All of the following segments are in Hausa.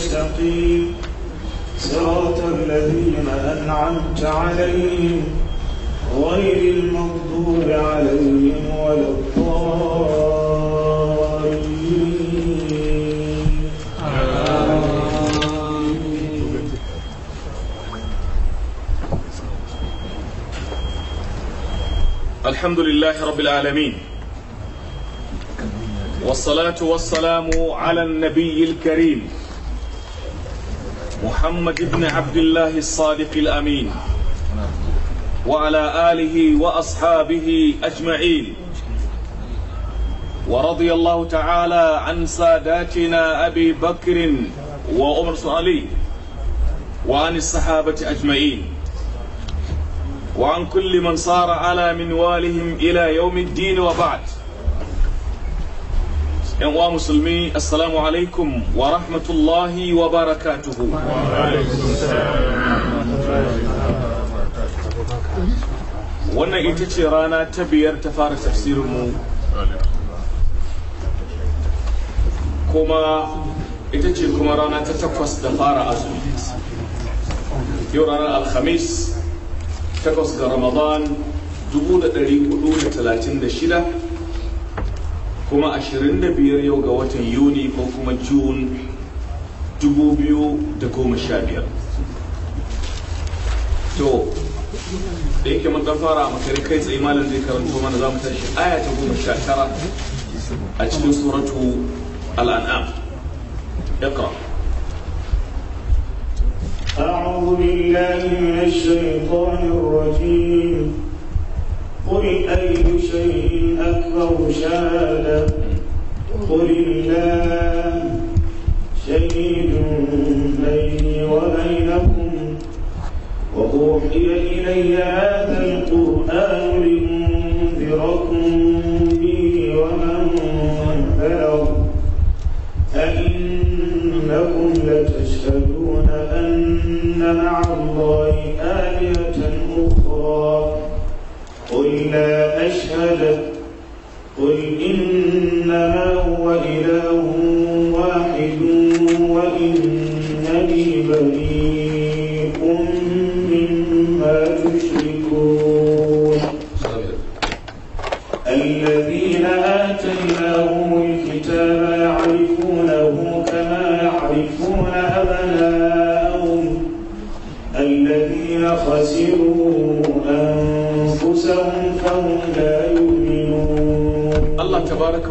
المستقيم صراط الذين أنعمت عليهم غير المغضوب عليهم ولا الحمد لله رب العالمين والصلاة والسلام على النبي الكريم محمد بن عبد الله الصادق الامين وعلى اله واصحابه اجمعين ورضي الله تعالى عن ساداتنا ابي بكر وعمر علي وعن الصحابه اجمعين وعن كل من صار على منوالهم الى يوم الدين وبعد yan uwa musulmi assalamu alaikum wa rahmatullahi wa barakatuhu wannan ita ce rana ta biyar ta fara tafsirinmu kuma ita ce kuma rana ta takwas da fara azumi yau ranar alhamis takwas ga ramadan 1436 kuma 25 yau ga watan yuni ko kuma june 2015 to da yake mun fara a makare kai tsaye malam zai karanto mana za mu tashi aya ta goma sha tara a cikin suratu al'an'am اقرأ أعوذ بالله من الشيطان الرجيم قل أي شيء أكبر شهادة قل الله شهيد بيني وبينكم وأوحي إلي هذا القرآن لأنذركم به ومن بلغ أئنكم لتشهدون أن مع الله آلهة قل لا أشهد قل إنما هو إله واحد وإنني بريء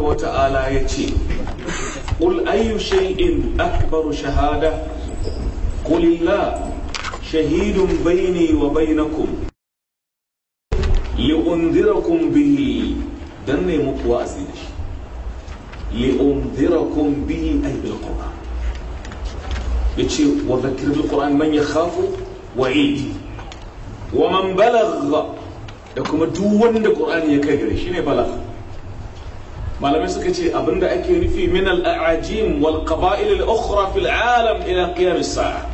tabaraka wa ta'ala ya ce qul ayyu shay'in akbaru shahada qul shahidun baini wa bainakum li'unzirakum bihi dan ne muku wa'azi da shi li'unzirakum bihi ay bil qur'an yace wa dhakir bil qur'an man yakhafu wa'id wa man balagha da kuma duk wanda qur'ani ya kai gare shi ne balagha malamai suka ce abinda ake nufi min al'ajim wal qaba'il al-ukhra fil alam ila qiyam saa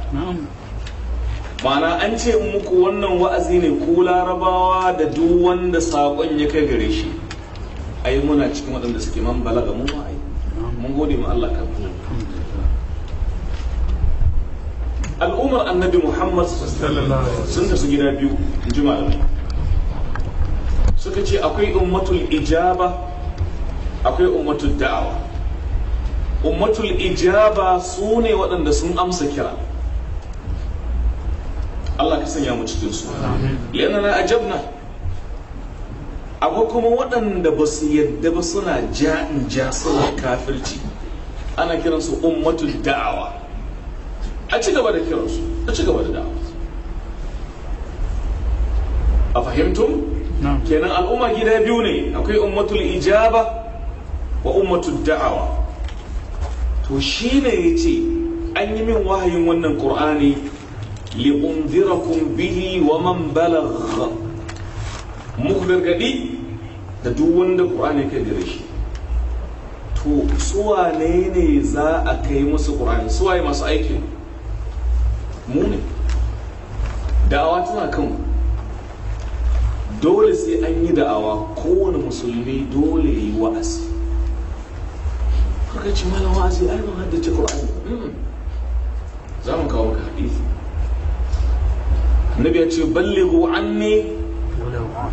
ma'ana an ce muku wannan wa'azi ne ku larabawa da duk wanda sakon ya kai gare shi ai muna cikin suke man balaga mu ai mun gode Allah kan al'ummar annabi Muhammad sun tafi gida biyu in ji malamai suka ce akwai ummatul ijaba akwai ummatul da'awa ummatul ijaba su ne waɗanda sun amsa kira Allah ka sanya mu cikin su yana na ajabna akwai kuma waɗanda ba su yadda ba suna ja'in ja suna kafirci ana kiransu ummatul da'awa a ci gaba da kiransu a ci gaba da da'awa a fahimtum kenan al'umma gida biyu ne akwai ummatul ijaba wa ummatud da'awa to shine yace an yi min wahayin wannan qur'ani li unzirakum bihi wa man balagha mukhbir gadi da duk wanda qur'ani kai da shi to suwa ne ne za a kai musu qur'ani waye masu aiki mu ne da'awa tana kan dole sai an yi da'awa kowane musulmi dole ya yi wa'azi muka ce haddace hmm. za mu kawo ka hadisi annabi ya ce ballighu anni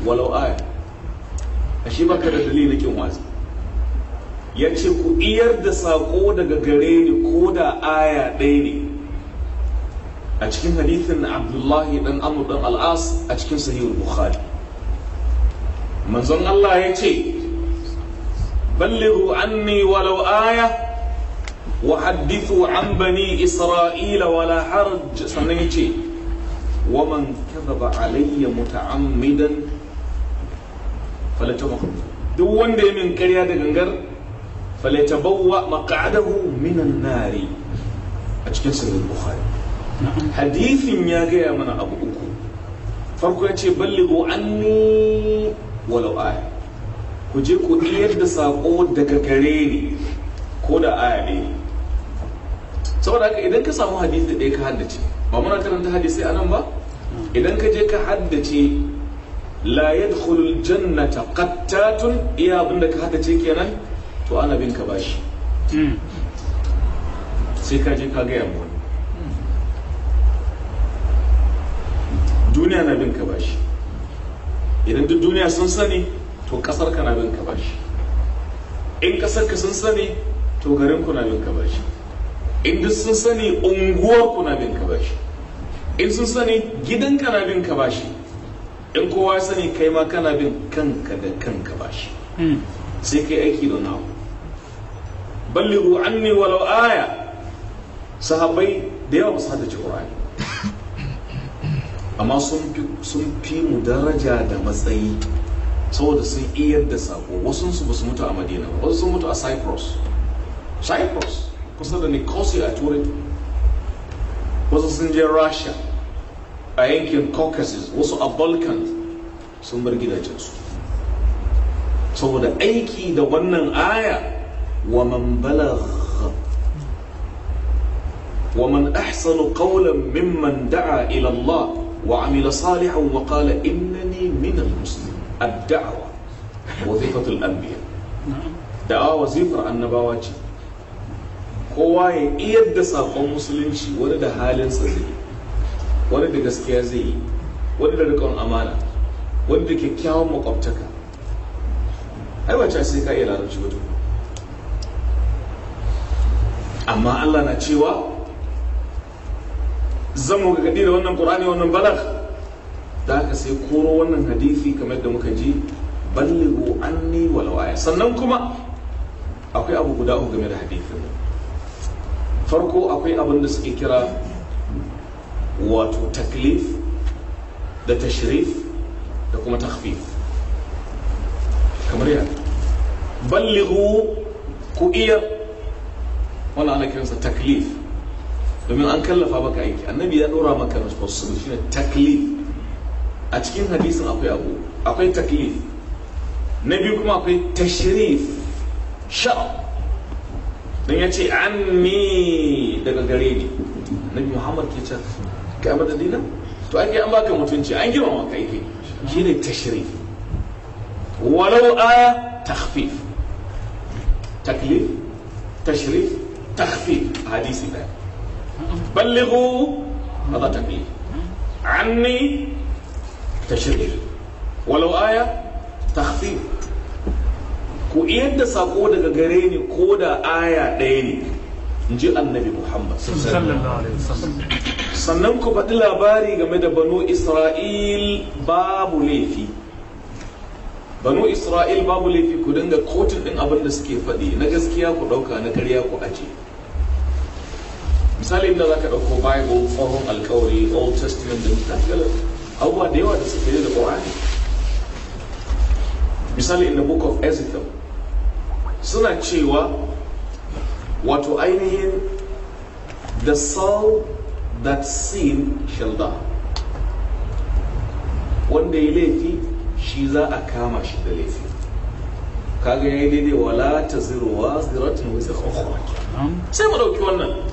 walau aya ashe baka da dalilin ya ce ku iyar da saƙo daga gare ni ko da aya ɗaya ne a cikin hadithin abdullahi ɗan amur dan al'as a cikin sahihul bukhari manzon allah ya ce بلغوا عني ولو آية وحدثوا عن بني إسرائيل ولا حرج سنيتي ومن كذب علي متعمدا فليتبوأ duk wanda ya min karya da gangar falaitabawwa maq'adahu minan nari a cikin sahih bukhari hadithin ya gaya mana abu uku farko ya ce ku je ku iyar da saƙo daga gare ni ko da aya ne saboda haka idan ka samu hadisi ɗaya ka haddace ba muna karanta hadisi a nan ba idan ka je ka haddace la yadkhulul jannata qattatun iya abin da ka haddace kenan to ana bin ka bashi hmm. sai ka je ka gaya mu duniya na bin ka bashi idan duk duniya sun sani to kasar ka na bin ka bashi in kasar ka sun sani to garin ku na bin ka bashi in duk sun sani unguwar ku na bin ka bashi in sun sani gidan ka na bin ka bashi in kowa sani kai ma kana bin kanka da kanka bashi hmm. sai kai aiki da nawo ballighu anni walau aya sahabbai da yawa su hada qur'ani amma sun fi mu daraja da matsayi saboda sun iyar da sako wasu su ba mutu a madina wasu sun mutu a cyprus cyprus kusa da nicosia a turai wasu sun je russia a yankin caucasus wasu a balkans sun bar gidajensu saboda aiki da wannan aya wa man balagh wa man أحسن qawlan mimman da'a ila Allah وعمل صالحا وقال إنني من المسلمين ad-da'wa wazifatul anbiya da'awa wazifar annabawa ce kowa ya iyar da sakon musulunci wani da halinsa zai yi wani da gaskiya zai yi wani da rikon amana wani da kyakkyawan makwabtaka ai ba sai ka iya larabci ba amma Allah na cewa zan mu ga da wannan Qur'ani wannan balagh da haka sai koro wannan hadisi kamar da muka ji ballighu anni walau aya sannan kuma akwai abu guda uku game da hadisin farko akwai abin da suke kira wato taklif da tashrif da kuma takhfif kamar ya ku iya wannan ana kiransa taklif domin an kallafa baka aiki annabi ya dora maka responsibility shine taklif a cikin hadisin akwai abu akwai taklif na biyu kuma akwai tashrif sharaf don ya ce ne daga gare na nabi muhammad ke ce ka yi madadina to an yi an baka mutunci an gima ka yake shi ne tashrif walau a takfif taklif tashrif a hadisi daya ba hada taklif anni tashri'i walau aya takhfif ku iyar sako daga gare ni ko da aya ɗaya ne in ji annabi muhammad sannan ku faɗi labari game da banu isra'il babu laifi banu isra'il babu laifi ku dinga kotun ɗin abin da suke faɗi na gaskiya ku ɗauka na karya ku aje misali inda za ka ɗauko bible tsohon alkawari old testament da abubuwa da yawa da suke da ƙorani misali in the book of ezekiel suna cewa wato ainihin the soul that sin shall die wanda ya laifi shi za a kama shi da laifi kaga ya yi daidai wala ta zirowa ziratin wasu sai mu ɗauki wannan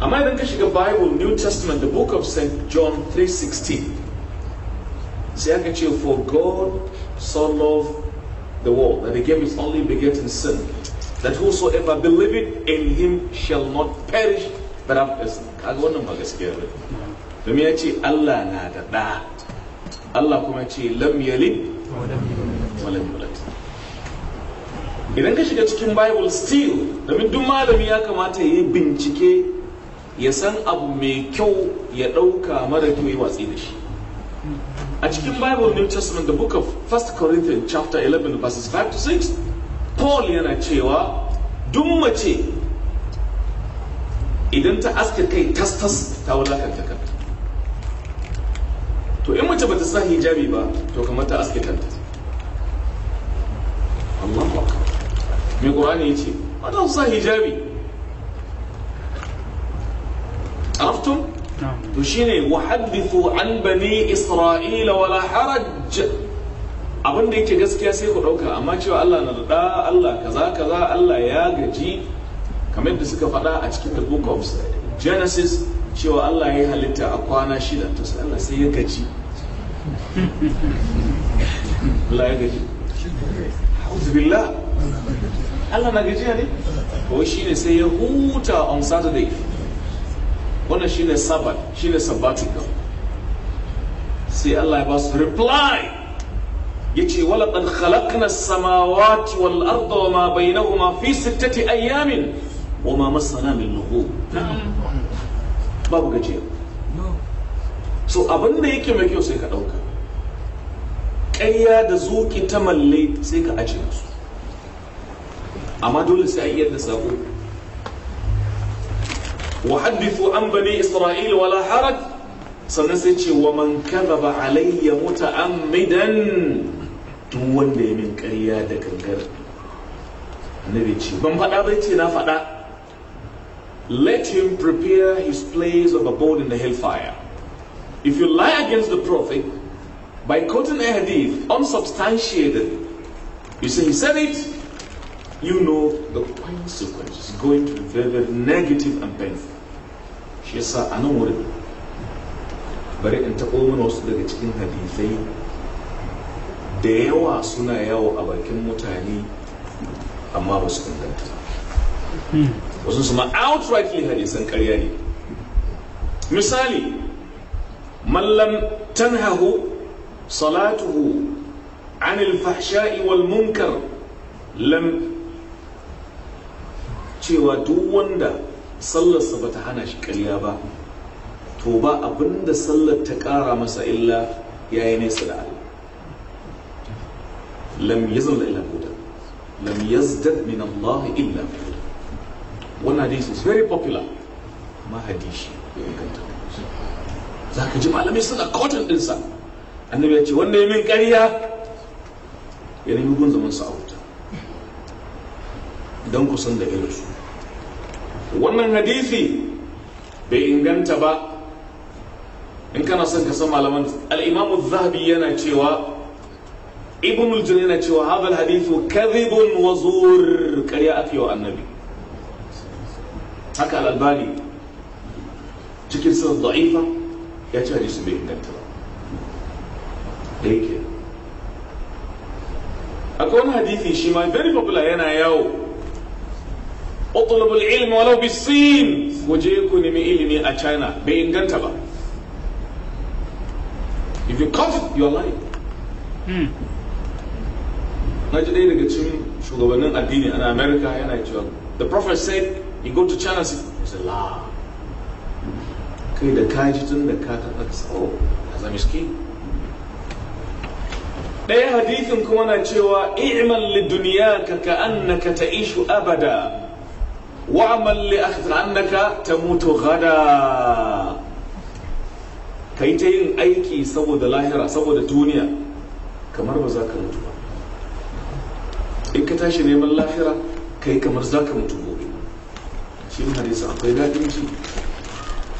amma idan ka shiga bible new testament the book of st john 3.16 sai aka ce for god so loved the world that he gave his only begotten son that whosoever believed in him shall not perish but have a kaga wannan ba gaskiya ba domin ya ce Allah na da ɗa Allah kuma ce lam yalid walam yulad idan ka shiga cikin bible still domin duk malami ya kamata ya yi bincike ya san abu mai kyau ya ɗauka mara kyau ya watsi da shi a cikin bible new testament the book of 1 corinthians chapter 11 verses 5 to 6 paul yana cewa duk mace idan ta aske kai tas-tas ta wulakanta kanta to in mace bata sa hijabi ba to kamar ta aske kanta Allah ba me ya ce ba ta sa hijabi عرفتم؟ نعم وشيني وحدثوا عن بني إسرائيل ولا حرج abin da yake gaskiya sai ku ɗauka amma cewa Allah na da Allah kaza kaza Allah ya gaji kamar da suka faɗa a cikin the book of Genesis cewa Allah ya halitta a kwana shida to sai Allah sai ya gaji Allah ya gaji A'udhu billah Allah na gaji ne ko shine sai ya huta on Saturday wannan shine sabbat shine sabbatical sai Allah ya ba su reply yace walaqad khalaqna as-samawati wal arda wa ma bainahuma fi sittati ayamin wa ma masana min lughub babu gajiya so abin da yake mai kyau sai ka dauka ƙarya da zuƙi ta malle sai ka ajiye su amma dole sai a yi yadda sako wa hadithu an bani isra'il wala harad sannan sai ce wa man kadhaba alayya muta'ammidan duk wanda ya min karya da gangar bai ce ban faɗa bai ce na faɗa let him prepare his place of abode in the hellfire if you lie against the prophet by quoting a hadith unsubstantiated you say he said it you know the consequence is going to be very, very negative and painful. Shi yasa a nan wurin bari in taɓo mana wasu daga cikin hadisai da yawa suna yawo a bakin mutane amma ba su inganta wasu su ma outrightly hadisan karya ne misali mallam tanhahu salatuhu عن wal munkar لم cewa duk wanda sallarsa ba ta hana shi ƙarya ba to ba abin da sallar ta ƙara masa illa ya yi nesa da Allah lam yazal ila buda lam yazdad min Allah illa huda wannan hadisi is very popular ma hadisi ya inganta za ka ji malamai suna kotun ɗinsa annabi ya ce wanda ya min ƙarya ya nemi gun zaman sa'auta don kusan da irinsu wannan hadisi bai inganta ba in kana son ka san malaman al-imamu zahabi yana cewa ibn al-jini yana cewa hadha al-hadithu kadhibun wa zur ƙarya ake wa annabi haka al-albani cikin sunan da'ifa ya ce hadisi bai inganta ba da akwai wani hadithi shi ma very popular yana yawo utlubul ilmi walau bisin ku je ku nemi ilimi a china bai inganta ba if you cough you are lying na ji ɗaya daga cikin shugabannin addini a america yana cewa the prophet said you go to china say it's a lie kai da kaji tun da ka taɓa ka tsawo a zamiski ɗaya hadithin kuma na cewa i'mal li duniya ka ka annaka ishu abada wa'amal li annaka mutu gada kai ta yin aiki saboda lahira saboda duniya kamar ba za ka mutu ba in ka tashi neman lahira kai kamar za ka mutu gobe shi ne hadisi akwai daɗin ji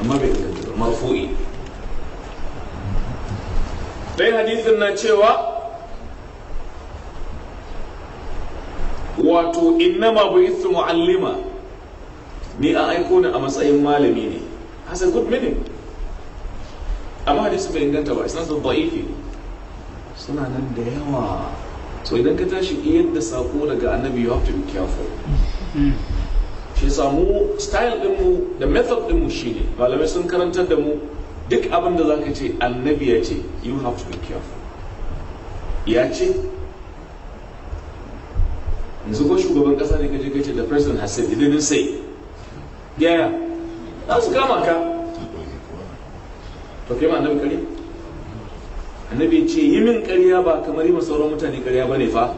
amma bai da ba marfu'i dai hadisin na cewa wato innama bu'ithu mu'allima ni an aiko ni a matsayin malami ne has a good meaning amma hadisi bai inganta ba isnad da'ifi suna nan da yawa so idan ka tashi yadda sako daga annabi you have to be careful shi samu style din mu da method din mu shine malamai sun karantar da mu duk abin da zaka ce annabi ya ce you have to be careful ya ce yanzu ko shugaban kasa ne kaje kace the president has said he didn't say yaya na su kama ka to kai ma annabi kare annabi ce yi min ƙarya ba kamar yi sauran mutane ƙarya ba ne fa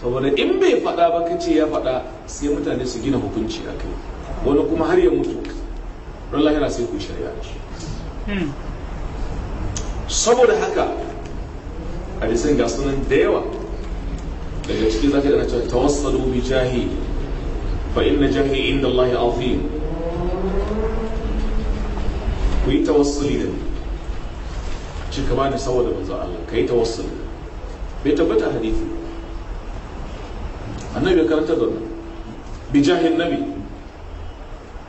saboda in bai faɗa ba ka ce ya faɗa sai mutane su gina hukunci a kai wani kuma har ya mutu don lahira sai ku shari'a shi hmm. saboda haka a bisan ga sunan da yawa daga ciki zaka dana cewa tawassalu bi jahili فإن جهلي عند الله عظيم ku yi tawassuli da ni ci bani saboda manzo Allah ka yi tawassuli bai tabbata hadisi annabi ya karanta da mu bi jahin nabi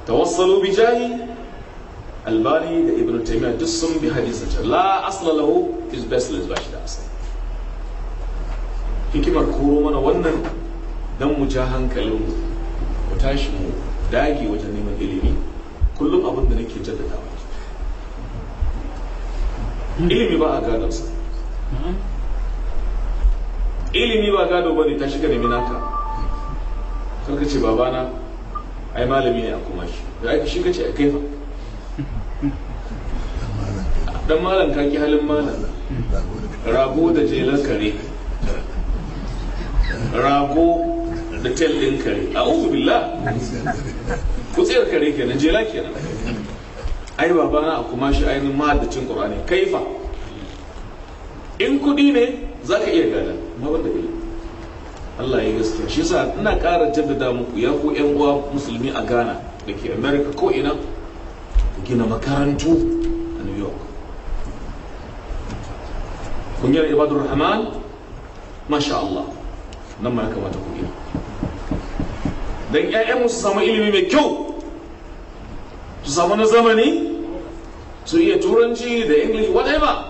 tawassalu bi jahi albani da ibn taymiyyah duk sun bi hadisin la is best ba shi da asali hikimar koro mana wannan dan mu ja hankalin mu ku tashi mu dage wajen neman ilimi kullum abin da nake jaddadawa ilimi ba a gado sa ilimi ba gado ba ne ta shiga nemi naka karka ce babana ai malami ne a kuma shi da ake shi kace a kaifa dan malam ka ki halin malam rago da jelar kare rago da tel ɗin kare a uku billa. kutsiyar kare ke kenan jela nan ai babana a kuma shi ainihin mahaddacin kai kaifa in kuɗi ne za ka iya gada ma wanda ilimi Allah ya gaske shi yasa ina ƙara jaddada muku ya ku ƴan uwa musulmi a Ghana da ke America ko ina gina makarantu a New York kungiyar Ibadur Rahman masha Allah nan ma ya kamata ku gina don 'ya'yanmu su samu ilimi mai kyau su samu na zamani su iya turanci da english whatever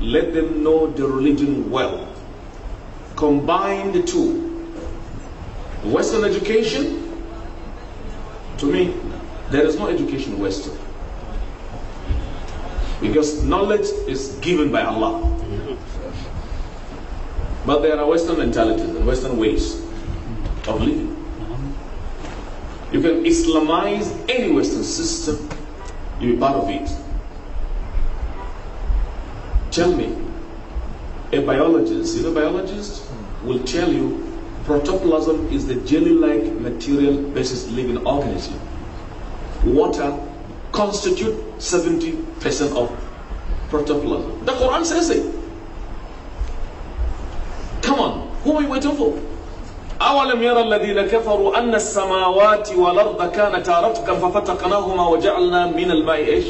let them know the religion well combine the two western education to me there is no education western because knowledge is given by allah but there are western mentalities and western ways of living you can Islamize any Western system, you'll be part of it. Tell me, a biologist, you know, biologist will tell you protoplasm is the jelly like material basis living organism. Water constitutes 70% of protoplasm. The Quran says it. Come on, who are we waiting for? أولم يرى الذين كفروا أن السماوات والأرض كانتا رتقا ففتقناهما وجعلنا من الماء إيش؟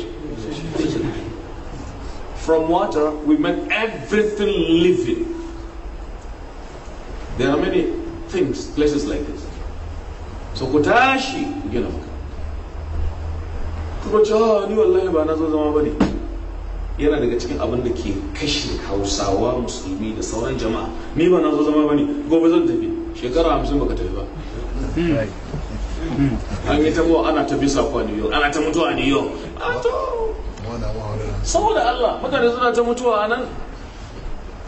From water we make everything living. There are many things, places like this. So ku tashi ku gina maka. Kuma ce, ah, ni wallahi ba na zo zama ba ne. Yana daga cikin abin da ke kashe Hausawa, Musulmi da sauran jama'a. Ni ba na zo zama ba ne, gobe zan tafi. shekara hamsin baka tafi ba an yi tabo ana tafi sako a new york ana ta mutuwa a new york saboda allah mutane suna ta mutuwa a nan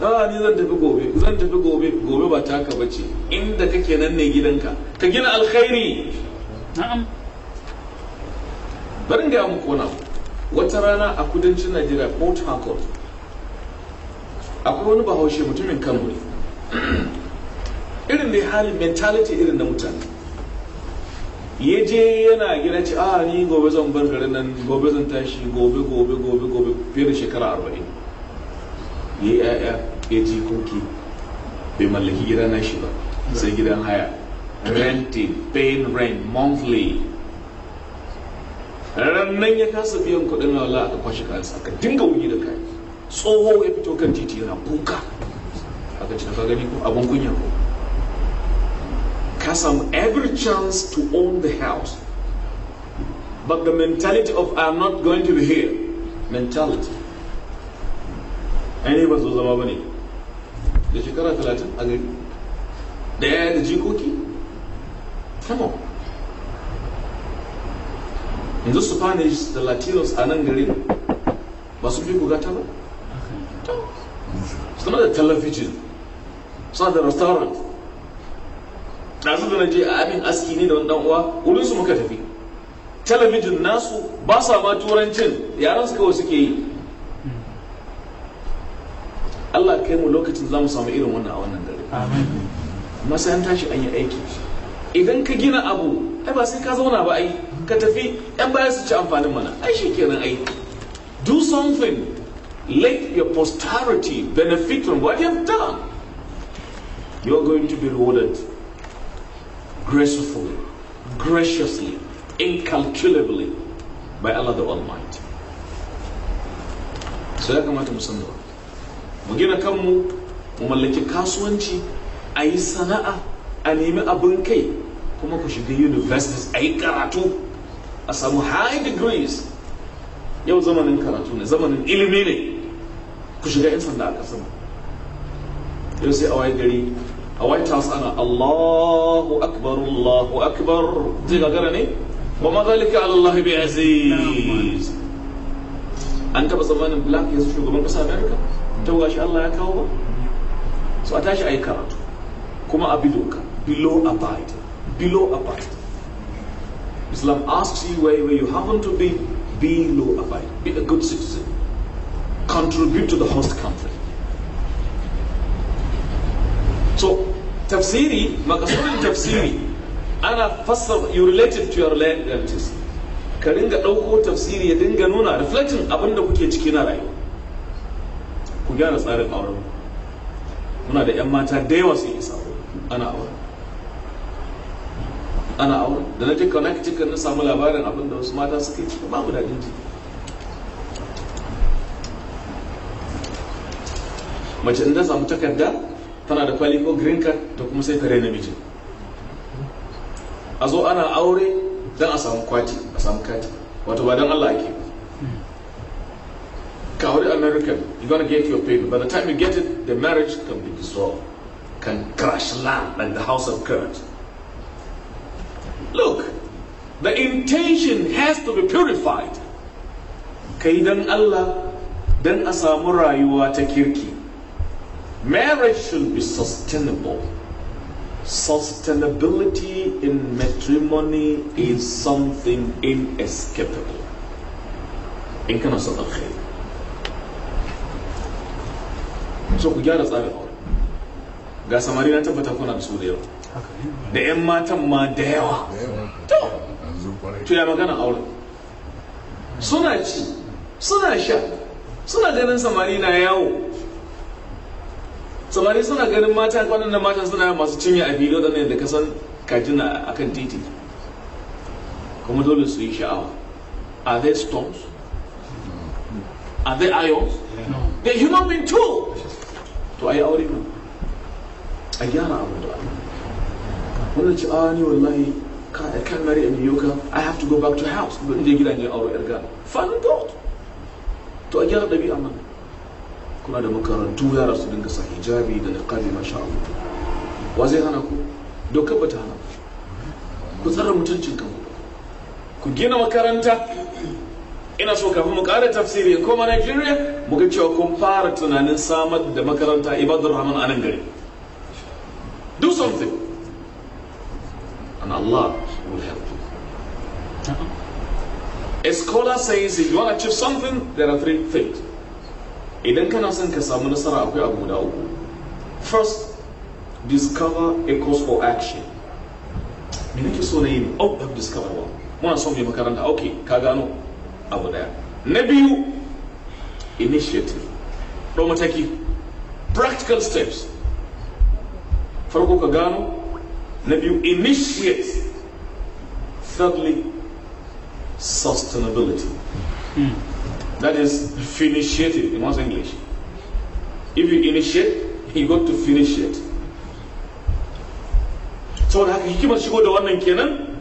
Dara ni zan tafi gobe, zan tafi gobe, gobe ba ka bace, inda kake nan ne gidanka, ka gina alkhairi. Na'am. Barin gaya muku Wata rana a kudancin Najeriya Port Harcourt, akwai wani bahaushe mutumin Kano ne. irin da halin mentality irin na mutane ya je yana gida ce a ah, ni gobe zan bar garin nan gobe zan tashi gobe gobe gobe gobe fiye da shekara arba'in ya ya'ya ya ji koki bai mallaki gida na shi ba sai gidan haya renting paying rent monthly ranar ya kasa biyan kuɗin wala aka kwashe kansa aka dinga wuyi da kai tsoho ya fito kan titi yana kuka aka ci gani abin kunya ko Kassam every chance to own the house. But the mentality of I'm not going to be here, mentality. Any was zama bane. Da shekara the a again. There the da jikoki? Come on. those su Spanish the Latinos are nan gari ba su fi gugata ba? Suna da talafijin, suna restaurant, ɗazu da na je a abin aski ne da wani uwa wurin su muka tafi talabijin nasu ba sa ma turancin yaran su kawai suke yi Allah kai mu lokacin za mu samu irin wannan a wannan dare masu tashi an yi aiki idan ka gina abu ai ba sai ka zauna ba ai ka tafi yan baya su ci amfanin mana ai shi kenan ai do something let your posterity benefit from what you have done you are going to be rewarded gracefully, graciously, incalculably by Allah the Almighty. So ya kamata mu san mu gina kanmu mu mallaki kasuwanci a yi sana'a a nemi abin kai kuma ku shiga universities a yi karatu a samu high degrees yau zamanin karatu ne zamanin ilimi ne ku shiga 'yan sanda a ƙasar yau sai a waye gari a white house ana allahu akbar allahu akbar zai gagara ne wa mazalika allah bi aziz an taba zamanin black yanzu shugaban kasa america ta gashi allah ya kawo ba so a tashi a yi karatu kuma a bi doka below abide below abide islam asks you where, where you happen to be below abide be a good citizen contribute to the host country to tafsiri makasudin tafsiri ana fassar you related to your realities ka ringa ɗauko tafsiri ya dinga nuna reflecting abin da kuke ciki na rayuwa ku gyara tsarin auren muna da 'yan mata da yawa sun isa ana auren ana auren da na jika na cikin na samu labarin abin da wasu mata suka yi mu daɗin jiki mace in ta samu takarda tana da kwali ko green card ta kuma sai kare namiji a zo ana aure don a samu kwati a samu kati wato ba don Allah ake ka american you're gonna get your paper by the time you get it the marriage can be dissolved can crash land like the house of cards look the intention has to be purified kai dan Allah dan a samu rayuwa ta kirki Marriage should be sustainable. Sustainability in matrimony is something inescapable. In kana son alkhairi. So ku gyara tsarin aure. Ga samari na tabbata kuna da su da yawa. Da 'yan matan ma da yawa. To, to ya magana aure. Suna ci, suna sha, suna ganin samari na yawo. samari suna ganin mata waɗannan mata suna masu cinye a fili waɗannan da kasan katina a kan titi kuma dole su yi sha'awa are they stones are they ions they human being too to a yi aure ne a gyara abu da wannan ci a wallahi I can't marry in York," I have to go back to house. Inda gida ne aure yar gana. God. To a gyara ɗabi'a mana. kuna da makarantu yara su dinga sa hijabi da niqabi masha Allah wa zai hana ku dokar bata hana ku tsara mutuncin kanku ku gina makaranta ina so kafin mu ƙara tafsiri ko mana Nigeria mu ga cewa kun fara tunanin samar da makaranta Ibadur Rahman a nan gari do something and Allah will help you a scholar says if you want to achieve something there are three things idan kana son ka samu nasara akwai abu guda uku first discover a cause for action me nake so na yi out oh, of discoverwa muna son mai makaranta ok ka gano abu daya na biyu initiative ɗau mataki practical steps farko ka gano na biyu initiate thirdly sustainability hmm. That is finish in one's English. If you initiate, you got to finish it. Saboda haka hikimar shigo da wannan kenan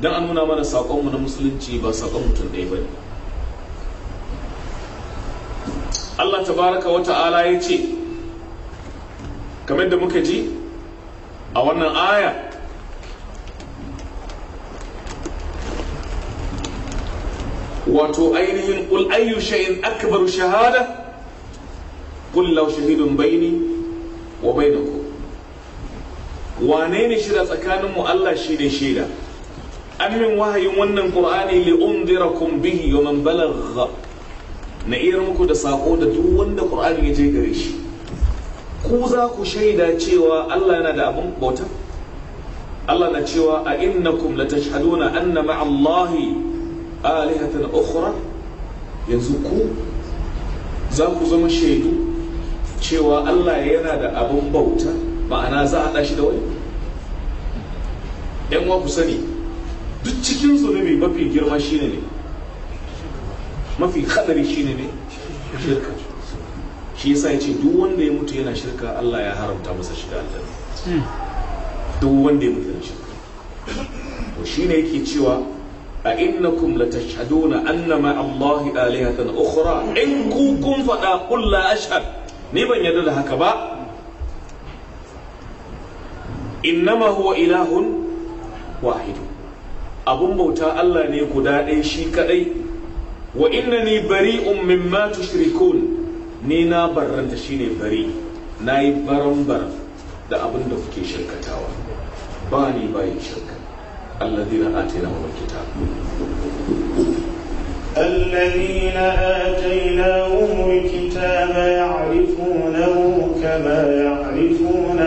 dan an nuna mana saƙonmu na musulunci ba saƙon mutum ɗaya ba ne. Allah baraka wa ta'ala ya ce, kamar da muka ji a wannan aya wato ainihin kul ayyu shay'in akbaru shahada kul law shahidun baini wa bainakum wane ne shida tsakanin mu Allah shi ne shida an min wahayin wannan qur'ani li kun bihi wa man balagha na iya muku da sako da duk wanda qur'ani ya je gare shi ku za ku shaida cewa Allah yana da abin bauta Allah na cewa a innakum latashhaduna anna ma'allahi Allahi alihatan ukhra yanzu ku za ku zama shaidu cewa Allah yana da abin bauta ma'ana za a shi da wani ɗan ku sani duk cikin zunubi mafi girma shi ne mafi haɗari shi ne shirka shi yasa ya ce duk wanda ya mutu yana shirka Allah ya haramta masa shiga aljanna hmm. duk wanda ya mutu yana shirka to shine yake cewa a inna kumlata tashhaduna anna ma allahi alihatan ukhra in ku kun fada qul la ni ban yarda da haka ba innama huwa ilahun wahidu abun bauta allah ne guda ɗaya shi kaɗai. wa innani bari'un mimma tushrikun ni na barranta shine bari nayi baran bar da abin kuke shakatawa. ba ni bayin shirka الذين آتيناهم الكتاب الذين آتيناهم الكتاب يعرفونه كما يعرفون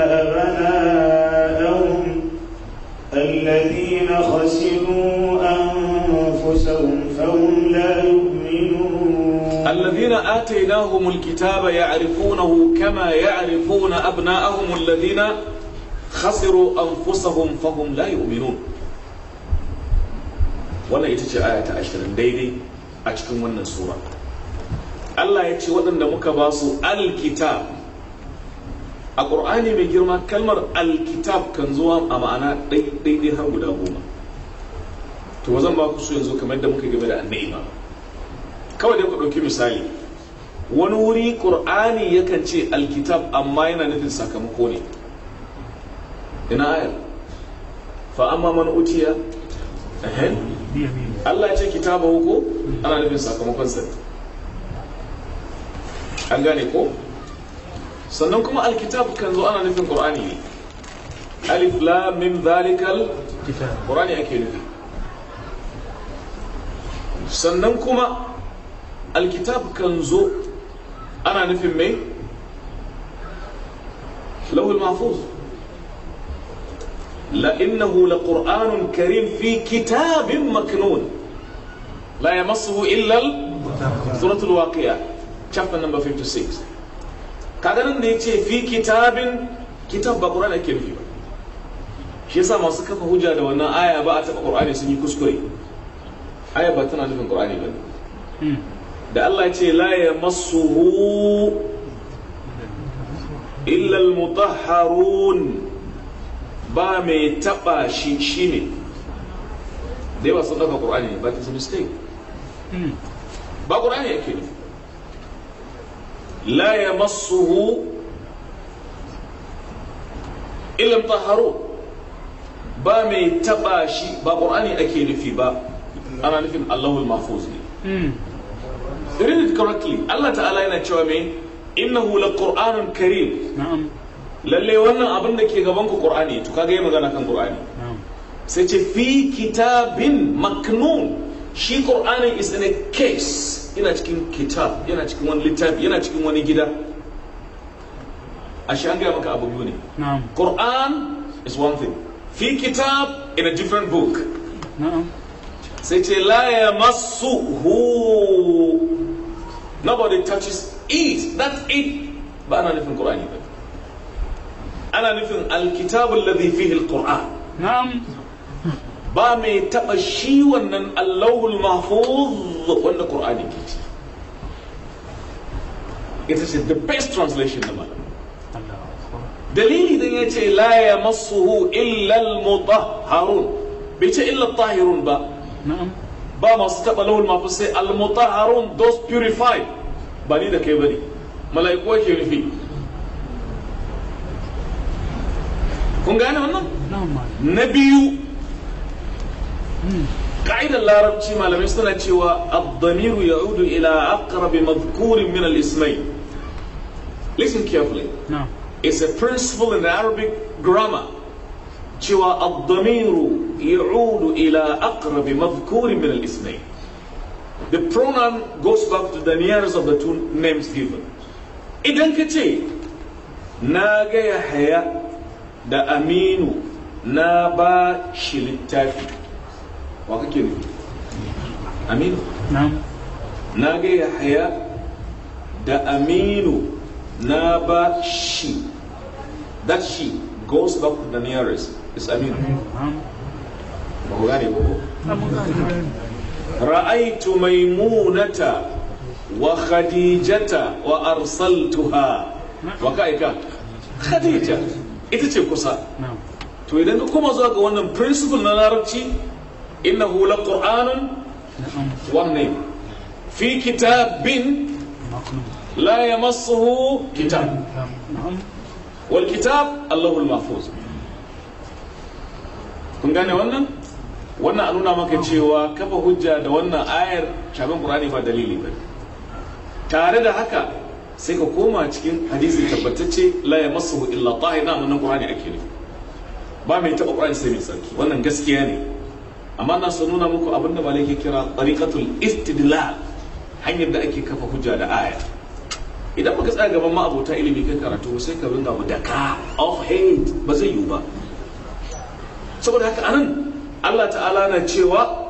أبناءهم الذين خسروا أنفسهم فهم لا يؤمنون الذين آتيناهم الكتاب يعرفونه كما يعرفون أبناءهم الذين خسروا أنفسهم فهم لا يؤمنون wannan ita ce aya ta 20 daidai a cikin wannan sura Allah ya ce waɗanda muka ba su alkitab a ƙur'ani mai girma kalmar alkitab kan zuwa a ma'ana daidai har guda goma to zan ba ku su yanzu kamar da muka game da ba? kawai dai ku ɗauki misali wani wuri ƙur'ani yakan ce alkitab amma yana nufin sakamako ne ina ayar fa amma man utiya Allah ya ce kitaba ko ana nufin sakamakon sa an gane ko sannan kuma alkitab kan zo ana nufin qur'ani ne alif lam mim zalikal kitab qur'ani ake nufi sannan kuma alkitab kan zo ana nufin mai lawul mahfuz لإنه لقرآن كريم في كتاب مكنون لا يمسه إلا سورة الواقعة chapter number 56 kaganan نيتي في كتاب كتاب بقران ba Qur'ani ake nufi ba shi yasa masu kafa hujja da wannan aya ba a taɓa Qur'ani sun yi kuskure aya ba tana nufin Qur'ani ba da Allah ya ce la yamassuhu illa al-mutahharun ba mai taba shi shine da yawa sun daga qur'ani ba but it's a mistake ba qur'ani yake ne la yamassuhu illa mutahharu ba mai taba shi ba qur'ani ake nufi ba ana nufin Allahul mahfuz ne read it correctly Allah ta'ala yana cewa me innahu laqur'anun karim na'am lalle wannan abin da ke gaban ku qur'ani to kaga yayi magana kan qur'ani sai ce fi kitabin maknun shi qur'ani is in a case yana cikin kitab yana cikin wani littafi yana cikin wani gida ashe an gaya maka abu biyu ne qur'an is one thing fi kitab in a different book sai ce la ya masu nobody touches it that it ba ana nufin qur'ani ba ana nufin alkitabun ladhi fihi alquran na'am ba mai taɓa shi wannan allahul mahfuz wanda qur'ani ke ci ita ce the best translation na malam dalili dan yace la yamassuhu illa harun bai ce illa tahirun ba na'am ba masu taba lahul mahfuz sai almutahharun those purified ba ni da kai bari mala'iku ke nufi kun gane wannan na biyu hmm. ka'idar larabci malamai suna cewa abdamiru ya ya'udu ila aqrabi madhkurin min al-ismayn listen carefully it's a principle in arabic grammar cewa abdamiru ya ya'udu ila aqrabi madhkurin min al-ismayn the pronoun goes back to the nearest of the two names given idan ka ce na ga yahaya da aminu na ba shi littafi wa kake nufi aminu na ga ya haya da aminu na ba shi that she goes back to the nearest is aminu ba ku gane ko ra'aitu maimunata wa khadijata wa arsaltuha wa ka'ika khadija ita ce kusa to idan ka koma zuwa ga wannan principle na larabci innahu la qur'anun wannan fi kitabin la ya masu kitab wal kitab Allahul mafuz kun gane wannan wannan a nuna maka cewa kafa hujja da wannan ayar shafin ƙur'ani ba dalili ba tare da haka sai ka koma cikin hadisi tabbatacce la ya masu illa tahir na nan qur'ani ake ne. ba mai taɓa qur'ani sai mai tsarki wannan gaskiya ne amma na so nuna muku abinda malai ke kira tariqatul istidlal hanyar da ake kafa hujja da aya idan muka tsaya gaban ma'abota ilimi kai karatu sai ka ringa mu daka of oh, hate ba zai yiwu ba saboda haka anan Allah ta'ala na cewa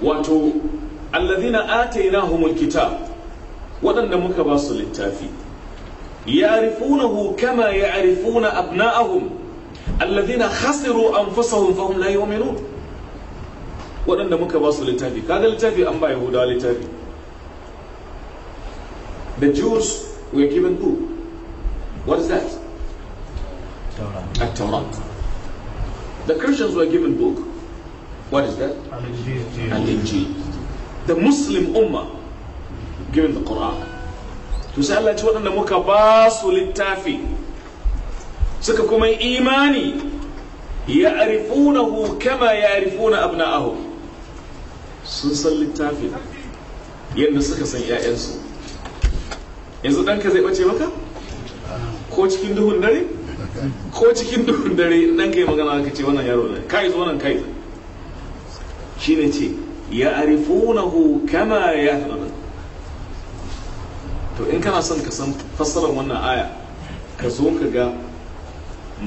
wato alladhina atainahumul kitab waɗanda muka ba su littafi ya'rifunahu kama ya'rifuna abna'ahum alladhina khasiru anfusahum fahum la yu'minun waɗanda muka ba su littafi kaga littafi an ba yahuda littafi the jews were given who what is that a torah the christians were given book what is that al-injil the muslim ummah given the Quran to sai Allah ce waɗanda muka ba su littafi suka kuma imani ya arifunahu kama ya arifuna abna'ahu sun san littafin yadda suka san 'ya'yansu yanzu ɗanka zai ɓace maka ko cikin duhun dare ko cikin duhun dare ɗanka yi magana ka ce wannan yaro ne kai zo wannan kai shi ne ce ya arifunahu kama ya arifuna to in kana son ka san fassarar wannan aya ka zo ka ga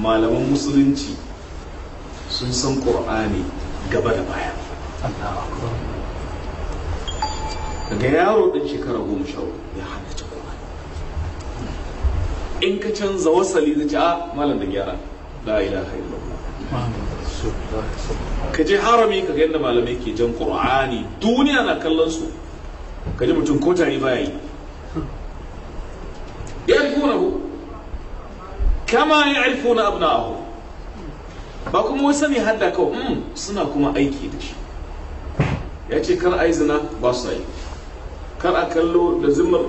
malaman musulunci sun san ƙur'ani gaba da baya Ka ga yaro ɗin shekara goma sha ya haddace ƙur'ani in ka canza wasali da ce ah, malam da gyara la ilaha illallah ka je harami ka ga yadda malamai ke jan ƙur'ani duniya na kallon su ka ji mutum ko tari baya yi يعرفونه كما يعرفون أبناءهم ba kuma wai sani hadda kawai suna kuma aiki da shi ya kar a ba su yi kar a kallo da zimmar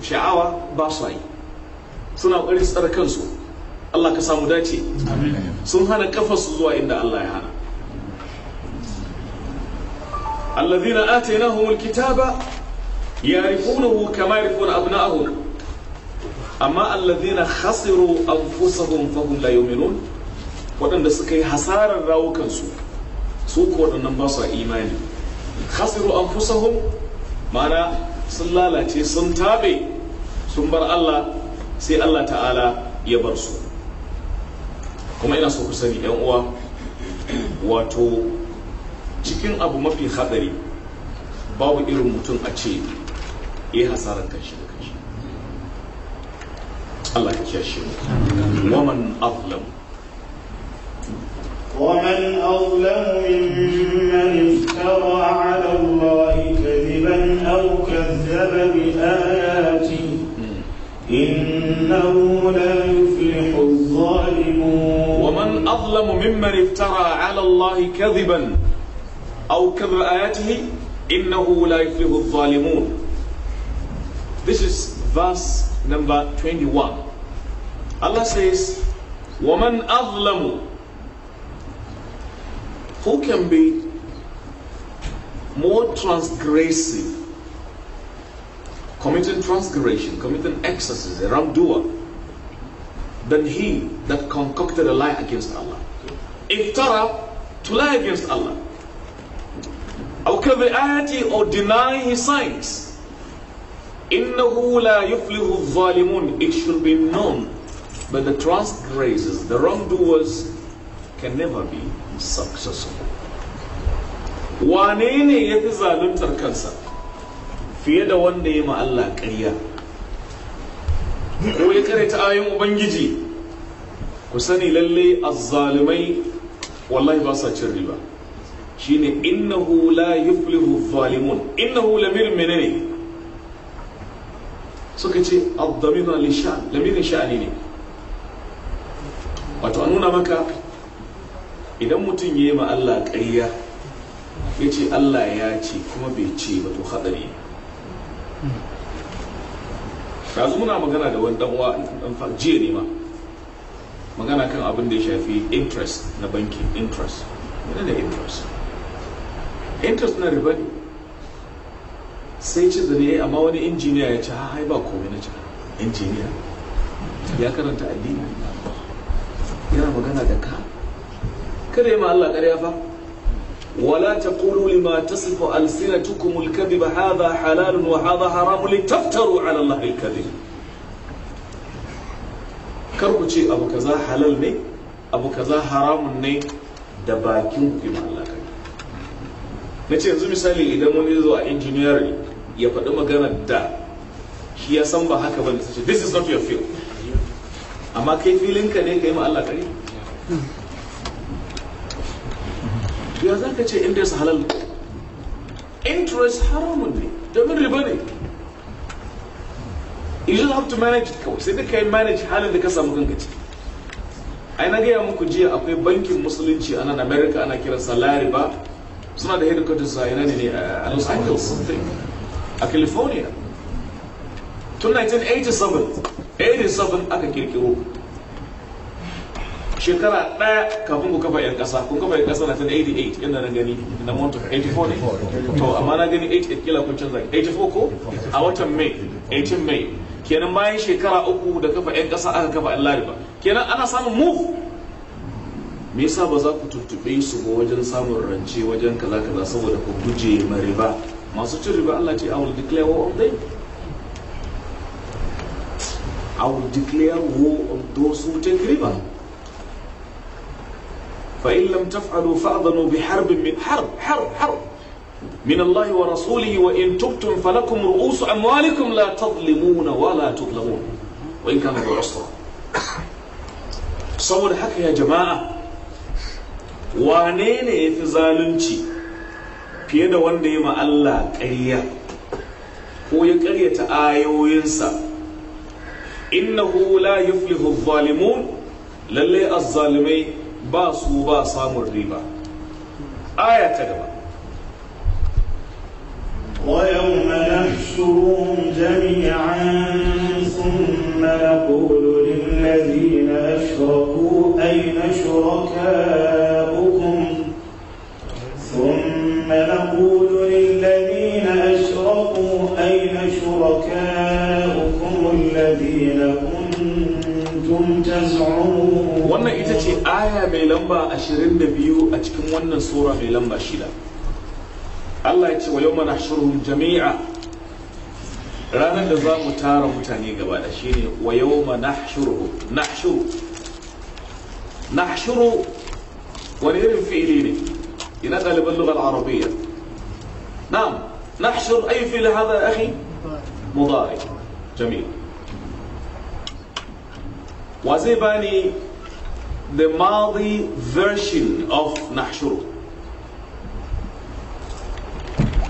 sha'awa ba su yi suna kansu Allah ka samu dace sun hana kafarsu zuwa inda Allah ya hana الذين آتيناهم الكتاب يعرفونه كما يعرفون أبناءهم amma alladhina khasiru anfusahum fahum la yu'minun waɗanda suka yi hasarar rawukansu su ko waɗannan ba su imani khasiru anfusahum mana sun lalace sun tabe sun bar Allah sai Allah ta'ala ya bar su kuma ina so ku sani yan uwa wato cikin abu mafi hadari babu irin mutum a ce ya hasarar kanshi الله ka ومن اظلم ومن أظلم ممن افترى على الله كذبا أو كذب بآياته إنه لا يفلح الظالمون ومن أظلم ممن افترى على الله كذبا أو كذب آياته إنه لا يفلح الظالمون This is verse number 21. Allah says, Woman أَظْلَمُ Who can be more transgressive, committing transgression, committing excesses, a wrongdoer, than he that concocted a lie against Allah? Iftara, to lie against Allah. أو كذب or deny his signs. إنه لا يفلح الظالمون It should be known But the transgressors, the wrongdoers can never be successful. Wane ne ya fi zaluntar kansa fiye da wanda ya ma Allah ƙarya? Ko ya karanta ayoyin Ubangiji, ku sani lalle azzalumai wallahi ba sa cin riba. Shine innahu la yuflihu zalimun. Innahu lamir menene ne? suka ce abdamina lishan lamirin sha'ani ne wato a nuna maka idan mutum ya yi ma Allah ƙarya ya ce Allah ya ce kuma bai ce ba to haɗari yanzu muna magana da wani ɗanwa ɗan jiya ne ma magana kan abin da ya shafi interest na banki interest yana da interest interest na riba ne sai ci zane amma wani injiniya ya ci ha ba komai na ci injiniya ya karanta addini yana magana da ka kada ma Allah ya fa wala taqulu lima tasifu alsinatukum alkadhiba hadha halalun wa hadha haramun litaftaru ala Allah alkadhib kar ku ce abu kaza halal ne abu kaza haramun ne da bakin ku ma Allah Na ce yanzu misali idan wani zuwa a injiniyar ya faɗi magana da shi ya san ba haka bane sai this is not your field amma kai filin ka ne kai ma Allah kare ya za ka ce interest halal interest haramun ne domin riba ne you don't have to manage ka kawai sai da ka manage halin da ka samu kanka ciki ai na gaya muku jiya akwai bankin musulunci a nan america ana kiransa lariba suna da headquarters a yana ne a los angeles something a california tun 1987 aka kirkiro shekara ɗaya kafin ku kafa 'yan ƙasa kun kafa 'yan ƙasa na 1988 inda na gani na monto 84 ne to amma na gani 88 kila kun canza 84 ko a watan may 18 may kenan bayan shekara uku da kafa 'yan ƙasa aka kafa 'yan lariba kenan ana samun move me yasa ba za ku tuttuɓe su ba wajen samun rance wajen kaza kaza saboda ku guje ma riba masu cin riba Allah ce I will declare war on them I will declare war on those who take riba فإن لم تفعلوا فأذنوا بحرب من حرب حرب حرب من الله ورسوله وإن تبتم فلكم رؤوس أموالكم لا Wa ولا تظلمون وإن كان ذو saboda haka ya jama'a wane ne ya fi zalunci fiye da wanda ya ma Allah ƙarya ko ya ƙaryata ayoyinsa innahu la yuflihu zalimun lalle azzalimai ba su ba samun riba aya ta gaba ويوم نحشرهم جميعا ثم نقول للذين أشركوا أين شركاؤهم الذين كنتم تزعمون wannan ita ce aya mai lamba 22 a cikin wannan sura mai lamba shida Allah ya ce wa yawma nahshuruhum jami'a ranar da za mu tara mutane gaba da shine wa yawma nahshuruhum nahshuru nahshuru wani irin fi'ili ne ina ɗaliban lugar arabiyya na'am nahshur ay fi'il hada akhi mudari جميل وزي باني the Maldi version of نحشره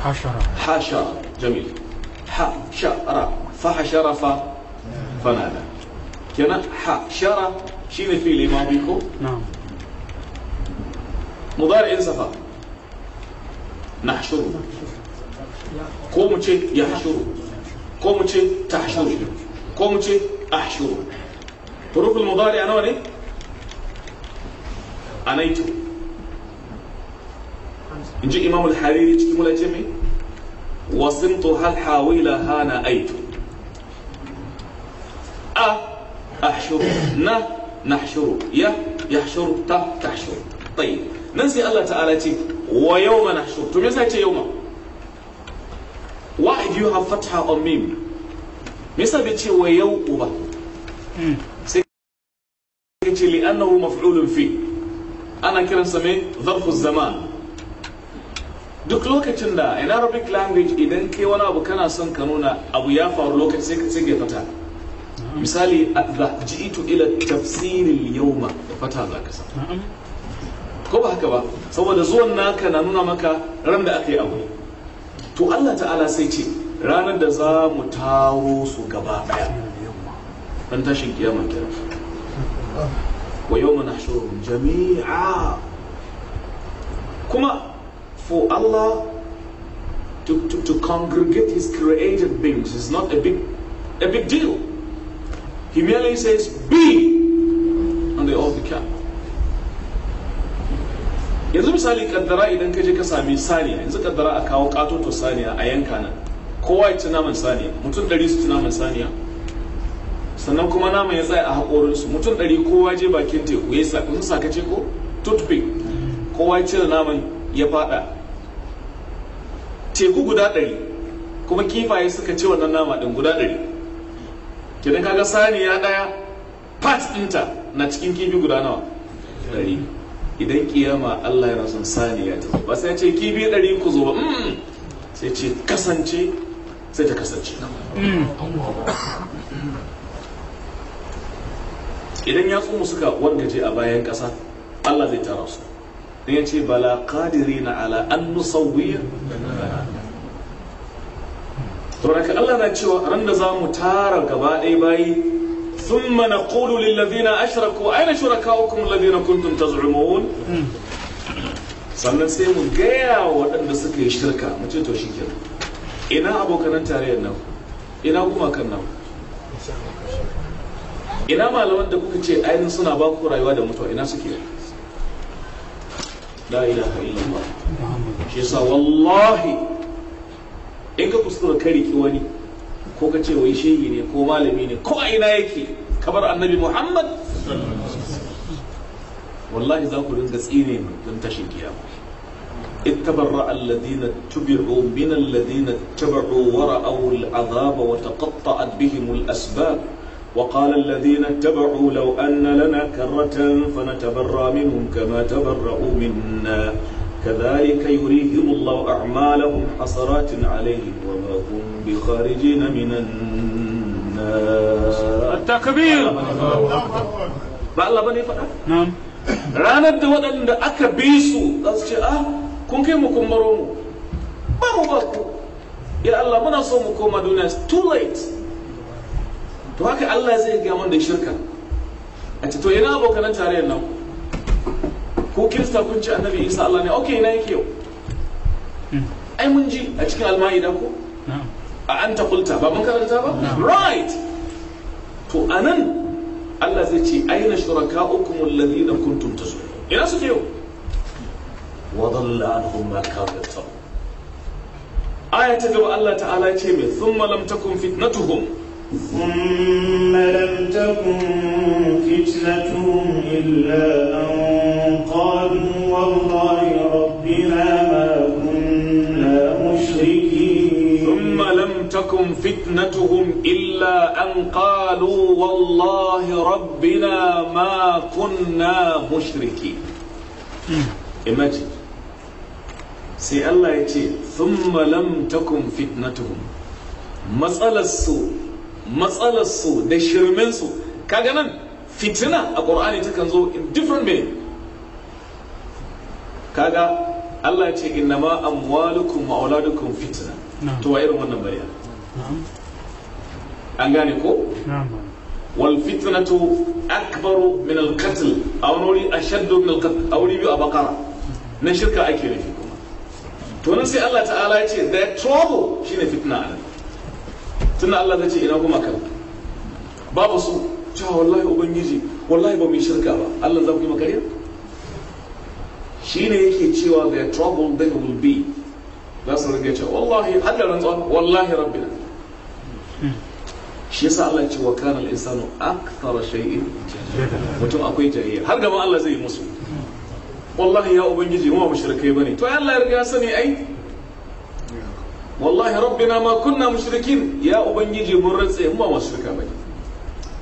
حشرة حشرة جميل حشرة فحشر ف فنادى كنا حشرة شين في لي ما ماضيكو نعم مضارع انصفا نحشره قوم يحشره قوم تحشره قوم احشره حروف المضارع نوري أنيت نجي إمام الحريري تشكي مولا جمي وصمت هل حاويل هانا أيت أ أحشر ن نحشر ي يحشر ت تحشر طيب ننسي الله تعالى تي ويوم نحشر تو ميسا تي يوم واحد يو هاف فتحة أو ميم ميسا بيتي ويوم أوبا ya ce fi ana kiransa mai zarfu duk lokacin da in arabic language idan kai wani abu kana son ka nuna abu ya faru lokaci sai ka sai fata misali ji'itu ila tafsirin yauma da fata za ka sa ko ba haka ba saboda zuwan naka na nuna maka ran da aka yi abu to Allah ta'ala sai ce ranar da za mu taro su gaba daya ran tashin kiyama kenan ويوم نحشرهم جميعا كما for Allah to, to, to congregate his created beings is not a big, a big deal. He merely says, be, and they all become. Yanzu misali kaddara idan ka je ka sami saniya, yanzu kaddara a kawo katoto saniya a yanka nan. Kowa ya ci naman saniya, mutum ɗari su ci naman saniya, sannan kuma nama ya tsaya a haƙorinsu mutum ɗari kowa je bakin teku ya saka ce ko toothpick kowa ya da naman ya faɗa teku guda ɗari kuma kifaye suka ce wannan nama ɗin guda ɗari kenan kaga saniya ɗaya part ɗinta na cikin kifi guda nawa ɗari idan kiyama Allah ya rasu saniya ta ba sai ce kifi ɗari ku zo ba sai ce kasance sai ta kasance mm. idan ya tsumu suka wangaje a bayan ƙasa Allah zai tara su dan ya ce bala na ala an nusawwiya to daga Allah na cewa ran da za mu tara gaba ɗaya bayi thumma naqulu lil ladina ashraku aina shura kawo kuma shurakaukum alladhina kuntum taz'umun sannan sai mu gaya waɗanda suka yi shirka mu ce to kenan. ina abokanan tarayyar nan ina kuma kan nan ina malaman da kuka ce ainihin suna ba ku rayuwa da mutuwa ina suke la ilaha illallah shi yasa wallahi in ka kuskura ka riki wani ko ka ce wai shehi ne ko malami ne ko ina yake kamar annabi muhammad wallahi za ku ringa tsine don tashin kiyama اتبرأ الذين اتبعوا من الذين اتبعوا ورأوا العذاب وتقطعت بهم الأسباب وقال الذين اتبعوا لو أن لنا كرة فنتبرى منهم كما تبرأوا منا كذلك يريهم الله أعمالهم حسرات عليهم وما هم بخارجين من النار التكبير ba Allah bane نعم رانا da waɗanda aka bi su za su ce ah kun kai mu kun baro mu ba mu ba too late to haka Allah zai ga da shirka a ce to ina abokanan tarayyar nan ko kirista kun ci annabi isa Allah ne okay na yake yau ai mun ji a cikin alma'ida ko a an ta kulta ba mun karanta ba right to anan Allah zai ce aina shuraka'ukum alladhina kuntum tazun ina suke yau wadalla anhum ma kanu aya ta gaba Allah ta'ala ce mai thumma lam takun fitnatuhum ثم لم تكن فتنتهم إلا أن قالوا والله ربنا ما كنا مشركين ثم لم تكن فتنتهم إلا أن قالوا والله ربنا ما كنا مشركين Imagine. Sai Allah ya ce, "Thumma lam takum fitnatuhum." Matsalarsu matsalarsu da shirminsu kaga nan fitina a ƙur'ani takan zo in different meaning kaga Allah ya ce innama amwalukum wa auladukum fitina. to wa irin wannan bayan. an gane ko wal fitnatu akbaru min al qatl aw nuri ashaddu min al qatl aw ribu abaqara na shirka ake nufi kuma to nan sai Allah ta'ala ya ce the trouble shine fitna anan tunda Allah zai ce ina gumakan babu su cewa wallahi ubangiji wallahi ba mu shirka ba Allah za kuma yi shine yake cewa the trouble they will be za su rage cewa wallahi Allah rantsuwa wallahi rabbina shi yasa Allah ya ce wa kana al-insanu akthara shay'in mutum akwai jahiliya har gaban Allah zai yi musu wallahi ya ubangiji mu ba mushrikai bane to Allah ya riga sani ai والله ربنا ما كنا مشركين يا أبنجي برز ما مشرك أبدا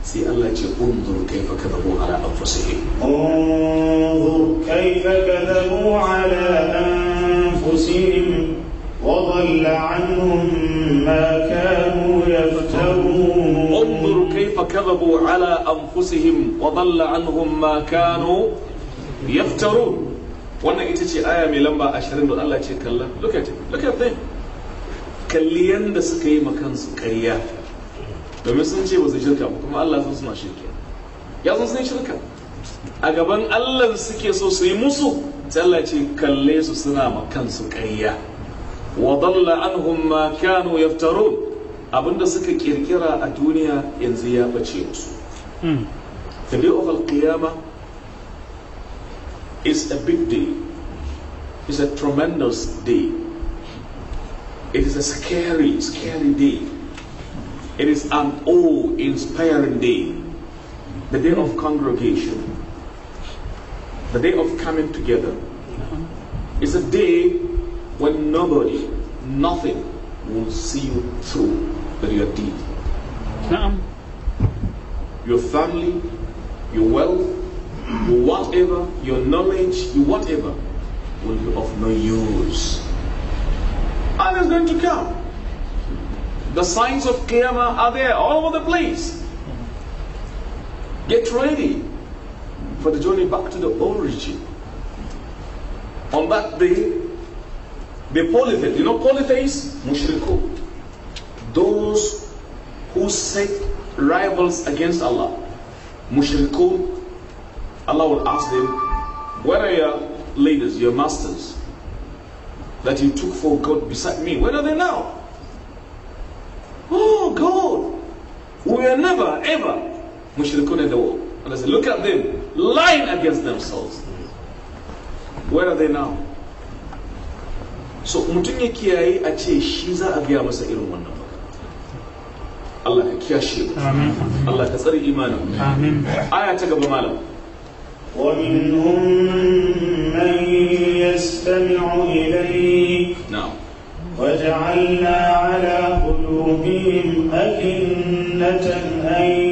سي الله يجي انظر كيف كذبوا على أنفسهم انظر كيف كذبوا على أنفسهم وضل عنهم ما كانوا يفترون انظر كيف كذبوا على أنفسهم وضل عنهم ما كانوا يفترون وانا قلت ايه من لما اشهرين الله يجي كلا look at it look at it kalli da suka yi su karya domin sun ce ba su shirka ba kuma Allah sun suna shirka ya sun sun shirka a gaban Allah suke so su yi musu sai Allah ce kalle su suna su karya wa dalla anhum ma kanu yaftarun abinda suka kirkira a duniya yanzu ya bace musu hmm. the day of is a big day is a tremendous day It is a scary, scary day. It is an awe-inspiring day. The day of congregation. The day of coming together. It's a day when nobody, nothing will see you through but your deed. Your family, your wealth, your whatever, your knowledge, your whatever will be of no use time is going to come. The signs of Qiyamah are there all over the place. Get ready for the journey back to the origin. On that day, the polytheists, you know polytheists? Mushriku. Those who set rivals against Allah. Mushrikun. Allah will ask them, where are your leaders, your masters? that he took for God beside me. Where are they now? Oh God, we are never ever mushrikun in the world. And I said, look at them, lying against themselves. Where are they now? So mutum ya kiyaye a ce shi za a gaya masa irin wannan ba. Allah ka kiyashe. Amin. Allah ka tsare imanin. Amin. Aya ta gaba malam. ومنهم من يستمع إليك نعم وجعلنا على قلوبهم أكنة أن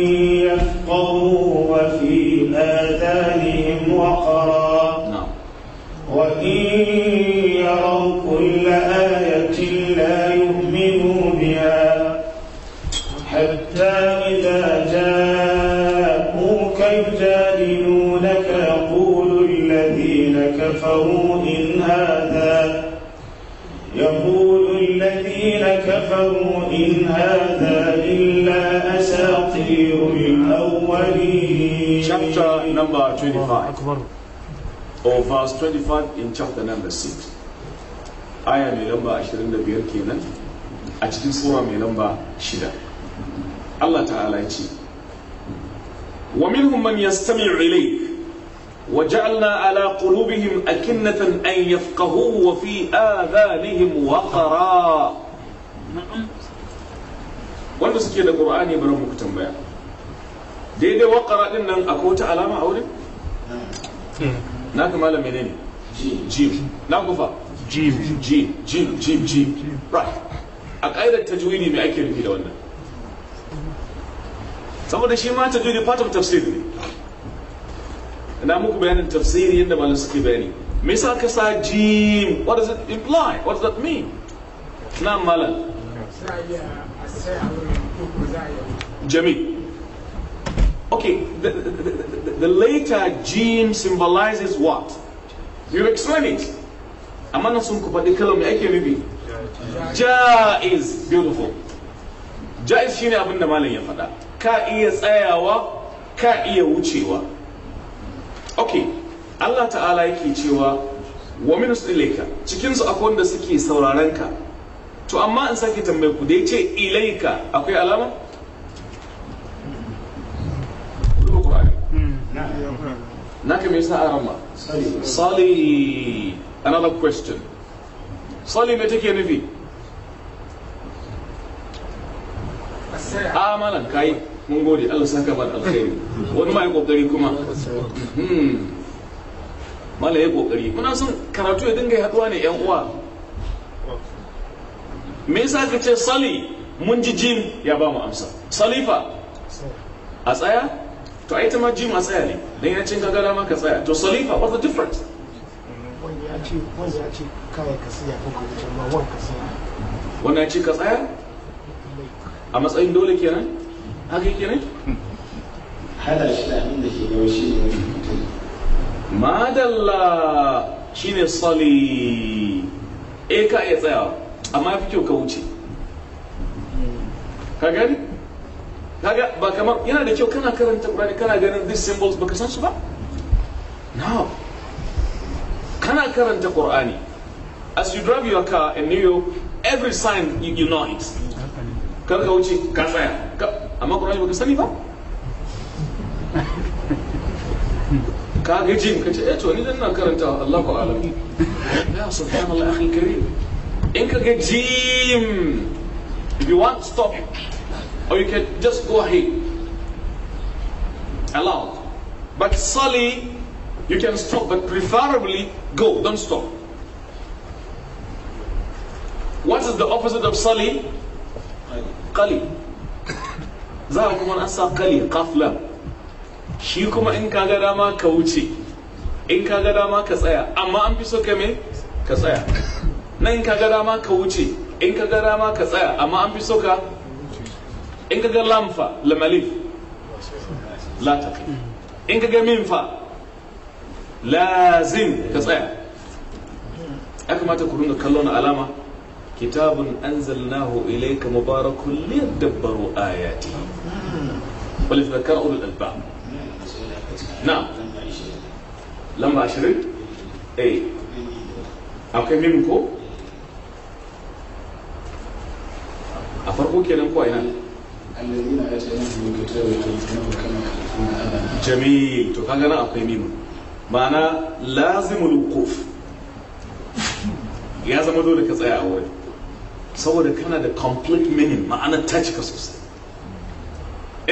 كفروا إن هذا يقول الذين كفروا إن هذا إلا أساطير الأولين Chapter number 25 Or verse 25 in chapter number 6 آية من number 25 kenan a cikin sura mai lamba 6 الله تعالى ce ومنهم من يستمع إليك وجعلنا على قلوبهم أكنة أن يفقهوه وفي آذانهم وقرا suke da ƙur'ani bari muku tambaya daidai waƙara ɗin nan akwai wata alama a wurin na ka malam menene jim na kufa jim jim jim jim jim right a ƙa'idar tajwidi mai ake nufi da wannan saboda shi ma tajwidi part of na muku bayanin tafsiri yadda malam suke bayani jim what does it imply what does that mean na malam jami okay the, the, the, the later jim symbolizes what you explain it amma na sun ku faɗi kalar me ake nufi ja'iz beautiful ja'iz shine abin da malam ya faɗa ka iya tsayawa ka iya wucewa ok Allah ta'ala yake cewa wa min ilaika cikin su akwai wanda suke sauraron ka to amma in sake tambaye ku da ya ce ilaika akwai alama na ka me yasa arama sali another question sali me take nufi amalan kayi mun gode Allah saka ba alkhairi wani ma ya kokari kuma hmm. mala ya kokari Kuna son karatu ya dinga haduwa ne yan uwa me yasa ka ce sali mun ji jin ya ba mu amsa salifa a tsaya to ai ta ma jim a tsaya ne dan ya cin gagara ma ka tsaya to salifa what's the difference wani ya ce ya ko ka wani ya ce ka tsaya a matsayin dole kenan haka yake ne hada shi da abin da ke gaba shi ne mutum madalla shine sali eh ka iya tsayawa amma fi kyau ka wuce ka gani kaga ba kamar yana da kyau kana karanta Qur'ani kana ganin these symbols baka san su ba no kana karanta Qur'ani as you drive your car in New York every sign you, you know it kan ka wuce ka tsaya amma ƙur'ani baka sani ba ka ga jin ka ce eh to ni dan na karanta Allah ku alam ya subhanallah akhi karim Inka ka ga jim if you want stop or you can just go ahead allowed but sali you can stop but preferably go don't stop what is the opposite of sali Ƙali za a kuma an sa kali shi kuma in ka ga dama ka wuce in ka ga dama ka tsaya amma an fi so ka me ka tsaya na in ka ga dama ka wuce in ka ga dama ka tsaya amma an fi so ka in ka ga lamfa lamalif la in ka ga minfa lazim ka tsaya ya kamata ku dinga kallon alama كتاب أنزلناه إليك مبارك ليدبروا آياته وليتذكر أولو الألباب نعم لما عشرين أي أوكي ميمكو أفرقوا كده نقوى هنا الذين آتيناهم الكتاب جميل أوكي مين معنى لازم الوقوف يا zama dole أولي saboda kana da complete meaning ma'ana ta cika sosai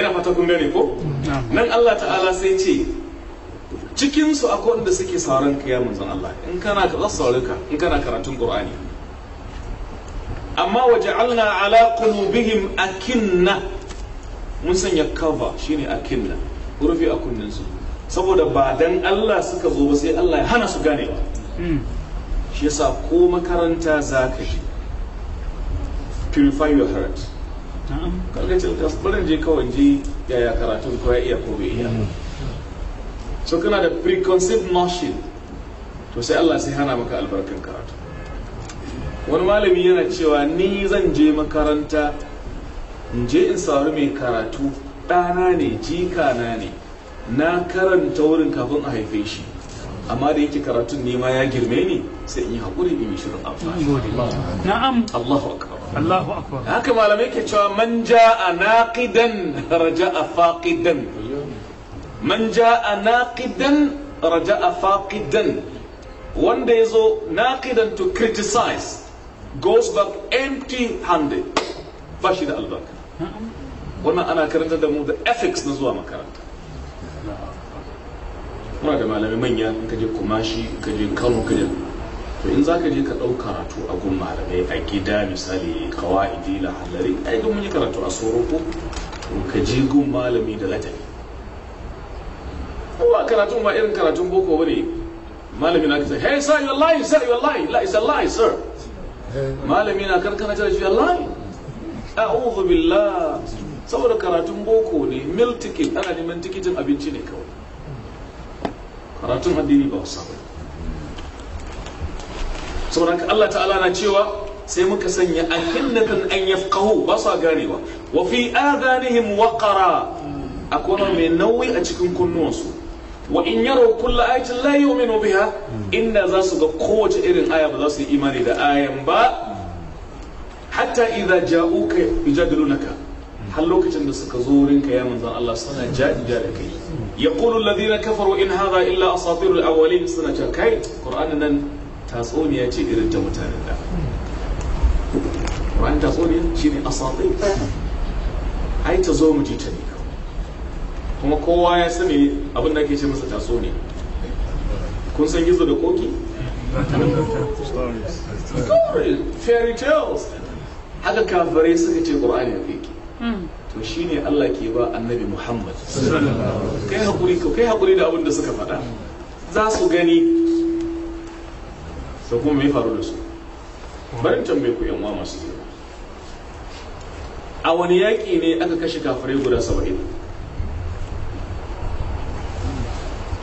ina fata kun gane ko nan Allah ta'ala sai ce cikin su akwai wanda suke sauran ka ya manzon Allah in kana ka zasu in kana karatun Qur'ani amma waja'alna ala qulubihim akinna mun sanya cover shine akinna rufi a kunnin su saboda ba dan Allah suka zo ba sai Allah ya hana su ganewa hmm. shi yasa ko makaranta zaka shi purify your heart kaga cin kas je kawai je yaya karatun ko ya iya ko bai iya hmm. so kana da preconceived notion to sai Allah sai hana maka albarkan karatu wani malami yana cewa ni zan je makaranta in je in sauri mai karatu ɗana ne jika na ne na karanta wurin kafin a haife shi amma da yake karatun nema ya girme ni sai in yi haƙuri in yi shirin amfani na'am Allahu akbar Allahu akbar haka malamai ke cewa man jaa naqidan raja'a faqidan man jaa naqidan raja'a faqidan wanda yazo naqidan to criticize goes back empty handed bashi da albarka wannan ana karanta da mu da ethics na zuwa makaranta muna da malamai manya in kaje kumashi kaje kano kaje to in zaka je ka ɗau karatu a gun malamai a gida misali kawa'idi lahallari ai ga mun yi karatu a soroko to ka ji gun malami da ladabi ba karatun ba irin karatun boko bane malami na kace hey sir your lie sir your lie la is a lie sir malami na karkana ta shi lie a'udhu billah saboda karatun boko ne mil ticket ana neman tikitin abinci ne kawai karatun addini ba wasa bane sauran Allah ta'ala na cewa sai muka sanya ahinnatan an yafqahu ba sa ganewa wa fi adanihim waqara akwai mai nauyi a cikin kunnuwansu wa in yaro kulla ayatin la yu'minu biha inda za su ga kowace irin aya ba za su yi imani da ayan ba hatta idza ja'uka yujadilunaka har lokacin da suka zo wurinka ya manzon Allah suna jadida da kai yaqulu alladhina kafaru in hadha illa asatirul awwalin suna ta kai qur'anin nan tatsuniya ce irin ta mutanen da wani tatsuniya shi ne asaɗi ai ta zo mu ji ta ne kuma kowa ya sani abin da ake ce masa tatsuniya kun san gizo da koki stories fairy tales haka kafare suka ce qur'ani ya fiki hmm. to shine Allah ke ba annabi Muhammad kai haƙuri kai da abin da suka faɗa za su gani to kuma me faru da su barin tambaye ku yan uwa masu girma a wani yaƙi ne aka kashe kafirai guda saba'in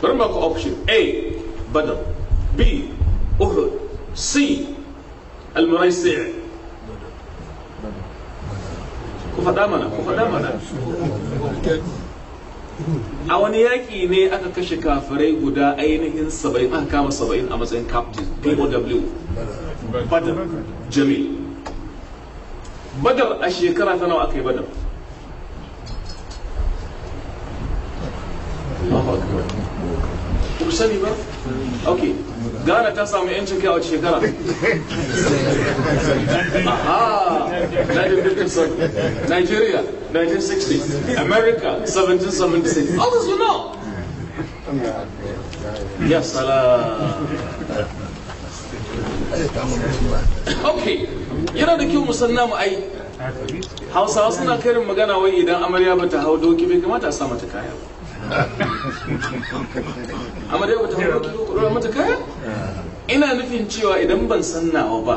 bari ba ku option a badar b uhud c almaraisi ku faɗa mana ku faɗa mana a wani yaki ne aka kashe kafirai guda ainihin saba'in aka kama saba'in a matsayin captain POW badar jamil badar a shekara ta nawa aka yi badar ku sani ba ok ghana ta samu yancin kai a wace shekara Aha! Nigeria, 1960. America, 1776. All this Yes, uh, Okay, yana da kyau musanna mu ai. Hausawa suna karin magana wai idan amarya bata hau doki bai kamata a sa mata kaya ba. amarya hau doki ba mata kaya? Ina nufin cewa idan ban san nawa ba,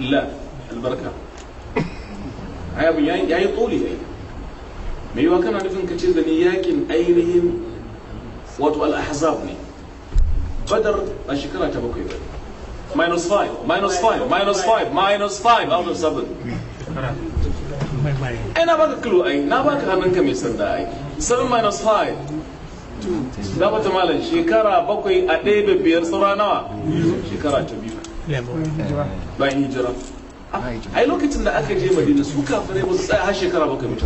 لا البركه هاي بيا يعني يعني طولي هاي مي وكان عارف ان كتير بني ياكن ايرهم واتو الاحزاب ني بدر اشكرا تبكي بدر ماينس 5 ماينس 5 ماينس 5 ماينس 5 اوت اوف 7 انا بقى كلو اي نا بقى هنن كم يسند اي 7 ماينس 5 2 لا بتمالن شكرا بكوي ادي بيبير سرانا شكرا تبي bayan hijira eh. ah. ai lokacin da aka je madina su kafirai ba su tsaya har shekara ba kamar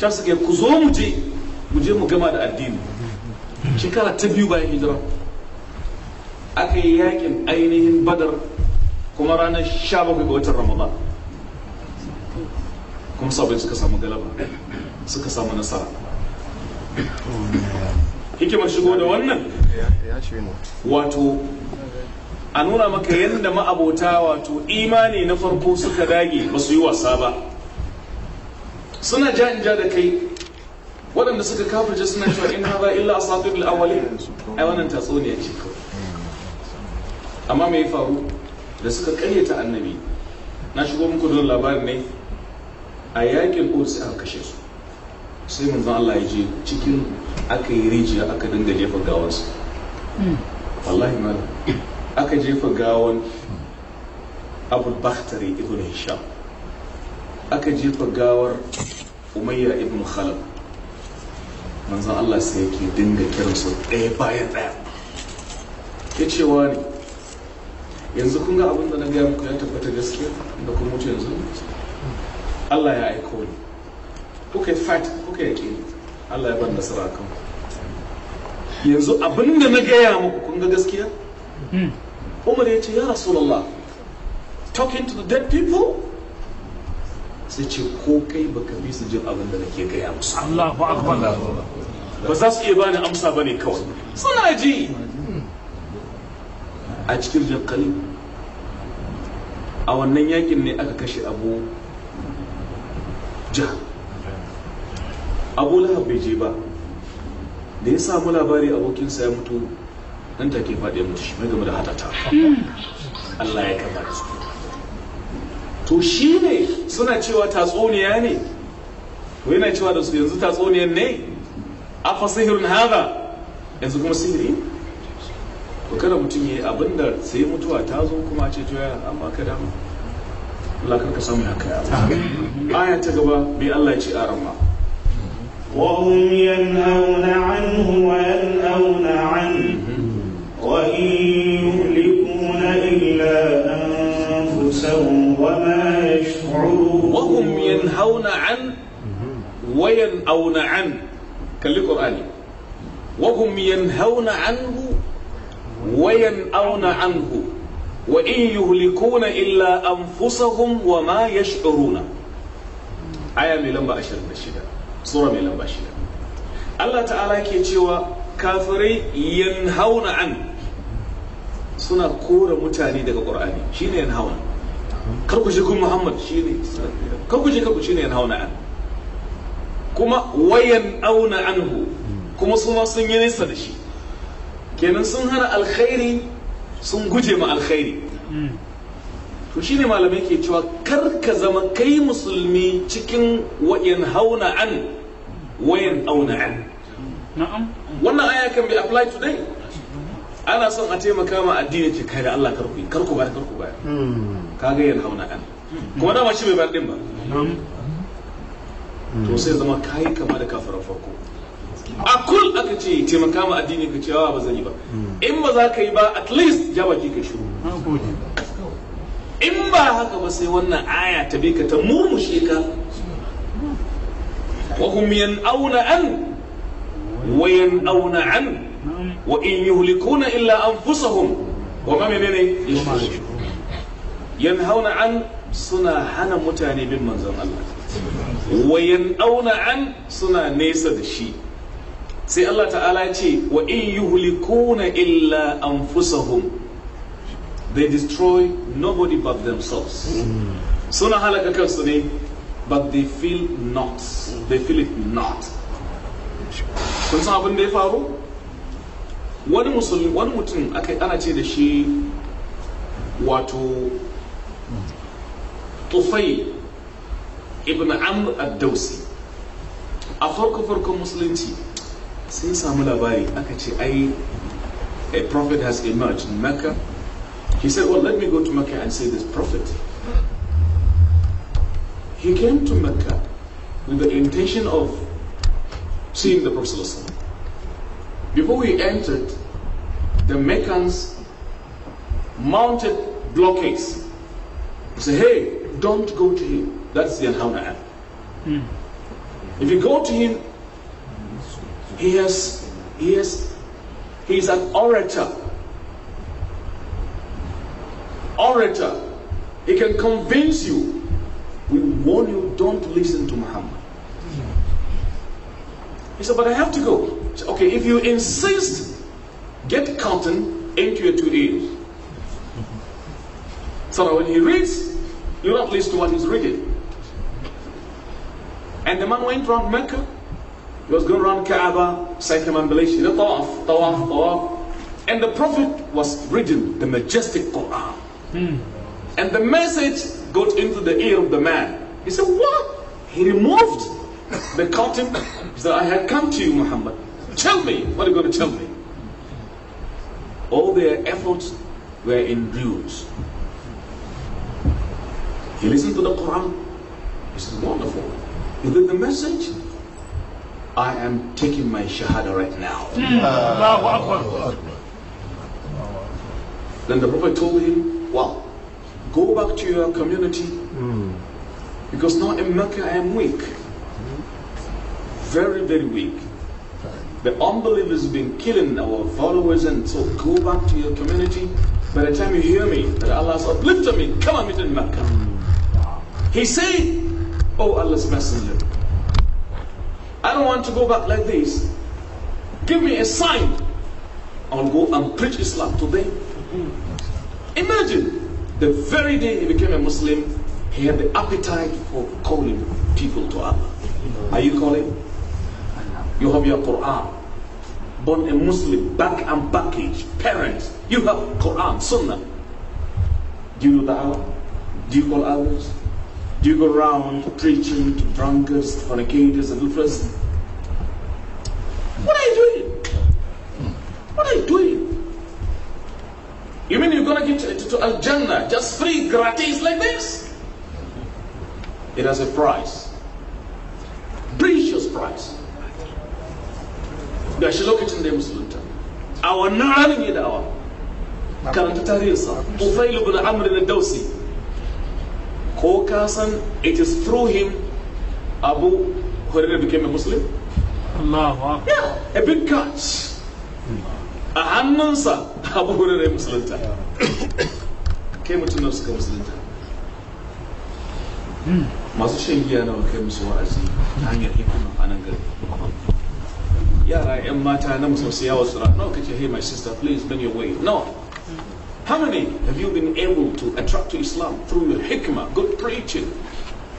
can suke ku zo mu je mu je mu gama da addini shekara ta biyu bayan hijira aka yi yakin ainihin badar kuma ranar sha bakwai ga watan ramadan kuma sabai suka samu galaba suka samu nasara oh, hikimar shigo da wannan wato a nuna maka yadda ma'abota wato imani na farko suka dage ba su yi wasa ba suna ja in ja da kai waɗanda suka kafirce suna cewa in haza illa asatirul awwalin ai wannan tatsuniya ce amma mai faru da suka karyata annabi na shigo muku don labarin ne a yakin uhud sai aka kashe su sai mun Allah ya je cikin aka yi rijiya aka dinga jefa gawansu hmm. wallahi malam aka jefa gawan abu bakhtari ibn hisham aka jefa gawar umayya ibn khalab manzan allah sai yake dinga kiransu ɗaya bayan ɗaya ya ce ne yanzu kun ga abin da na gaya muku ya tabbata gaskiya da kuma mutu yanzu allah ya aiko ni kuka yi fight kuka yi ƙi allah ya ban nasara kan yanzu abin da na gaya muku kun ga gaskiya hmm. umar ya ce ya rasulallah talking to the dead people sai ce ko kai baka bi su jin abin da nake gaya musu Allahu akbar ba za su iya bani amsa bane kawai suna ji a cikin jakali a wannan yakin ne aka kashe abu ja abu lahab bai je ba da ya samu labari abokinsa ya mutu nan take faɗi mutu shi mai game da hatata Allah ya kama da su to shi ne suna cewa tatsuniya ne to yana cewa da su yanzu tatsuniyan ne a fasihirin haza yanzu kuma sihiri to kada mutum ya yi abin da sai mutuwa ta zo kuma ce to ya amma ka dama Allah karka samu kai ya aya ta gaba bai Allah ya ci a ramma وهم ينهون عنه وينأون عنه وإن يهلكون إلا أنفسهم وما يشعرون وهم ينهون عن وينأون عن كان القرآن وهم ينهون عنه وينأون عنه وإن يهلكون إلا أنفسهم وما يشعرون آية mai lamba 26 sura mai lamba 6 Allah ta'ala ke cewa suna kora mutane daga qur'ani shine yan hawa kar ku kun muhammad shine kar ku kar ku yan hawa an kuma wayan auna anhu kuma suna ma sun yi nesa da shi kenan sun hana alkhairi sun guje ma alkhairi to shine malamai ke cewa kar ka zama kai musulmi cikin wayan hauna an wayan auna an na'am wannan aya kan be apply today ana son a taimaka ma addini ce kai da Allah karku karku ba karku hmm. Ka ga yin hauna kan kuma da ba shi bai bayar ba hmm. to sai zama kai kama da kafara farko a kul aka ce taimaka ma addini ka ce ba zan yi ba hmm. in ba za ka yi ba at least ja baki ka shiru in ba haka ba sai wannan aya ta bi ka ta murmushe ka wa hum yan'auna an wa yan'auna an wa in yuhlikuna illa anfusahum wa ma menene yanhauna an suna hana mutane bin manzon Allah wa yanauna an suna nesa da shi sai Allah ta'ala ya ce wa in yuhlikuna illa anfusahum they destroy nobody but themselves suna halaka kansu ne but they feel not they feel it not kun san abin da ya faru wani musulmi wani mutum aka ana ce da shi wato tufai ibn amr ad dawsi a farko farkon musulunci sun samu labari aka ce ai a prophet has emerged in mecca he said well let me go to mecca and see this prophet he came to mecca with the intention of seeing the prophet before we entered, the Meccans mounted blockades. They say, hey, don't go to him. That's the Anhama'an. Hmm. If you go to him, he has, he has, he is an orator. Orator. He can convince you. We warn you, don't listen to Muhammad. He said, but I have to go okay, if you insist, get cotton into your two ears. So that when he reads, you don't listen to what he's reading. And the man went around Mecca. He was going around Kaaba, circumambulation, the tawaf, tawaf, tawaf. And the Prophet was reading the majestic Quran. Hmm. And the message got into the ear of the man. He said, What? He removed the cotton. He said, I had come to you, Muhammad. Tell me what are you going to tell me. All their efforts were in ruins. He listened to the Quran. This is wonderful. He did the message. I am taking my shahada right now. Hmm. then the Prophet told him, Well, go back to your community hmm. because now in Mecca I am weak. Very, very weak. The unbelievers have been killing our followers, and so go back to your community. By the time you hear me, that Allah said, lift on me, come and meet in Mecca. He said, Oh Allah's messenger, I don't want to go back like this. Give me a sign. I'll go and preach Islam to them. Imagine the very day he became a Muslim, he had the appetite for calling people to Allah. Are you calling? You have your Quran. Born a Muslim, back and package, parents. You have Quran, Sunnah. Do you do da'wah? Do you call others? Do you go around preaching to drunkards, fornicators, and What are you doing? What are you doing? You mean you're going to get to, to Al Jannah just free, gratis like this? It has a price, precious price. gashi lokacin da ya musulunta a wannan ranar ya da'awa karanta tarihinsa Ufail ibn Amr na Dausi ko ka san it is through him Abu Hurairah became a Muslim Allah yeah, a big cut a hannunsa Abu Hurairah musulunta kai mutum na suka musulunta masu shan giya nawa kai musu wa'azi ta hanyar hikima a nan gari yara yan mata na musamman yawa suna no kace hey my sister please bend your way no how many have you been able to attract to islam through your hikmah good preaching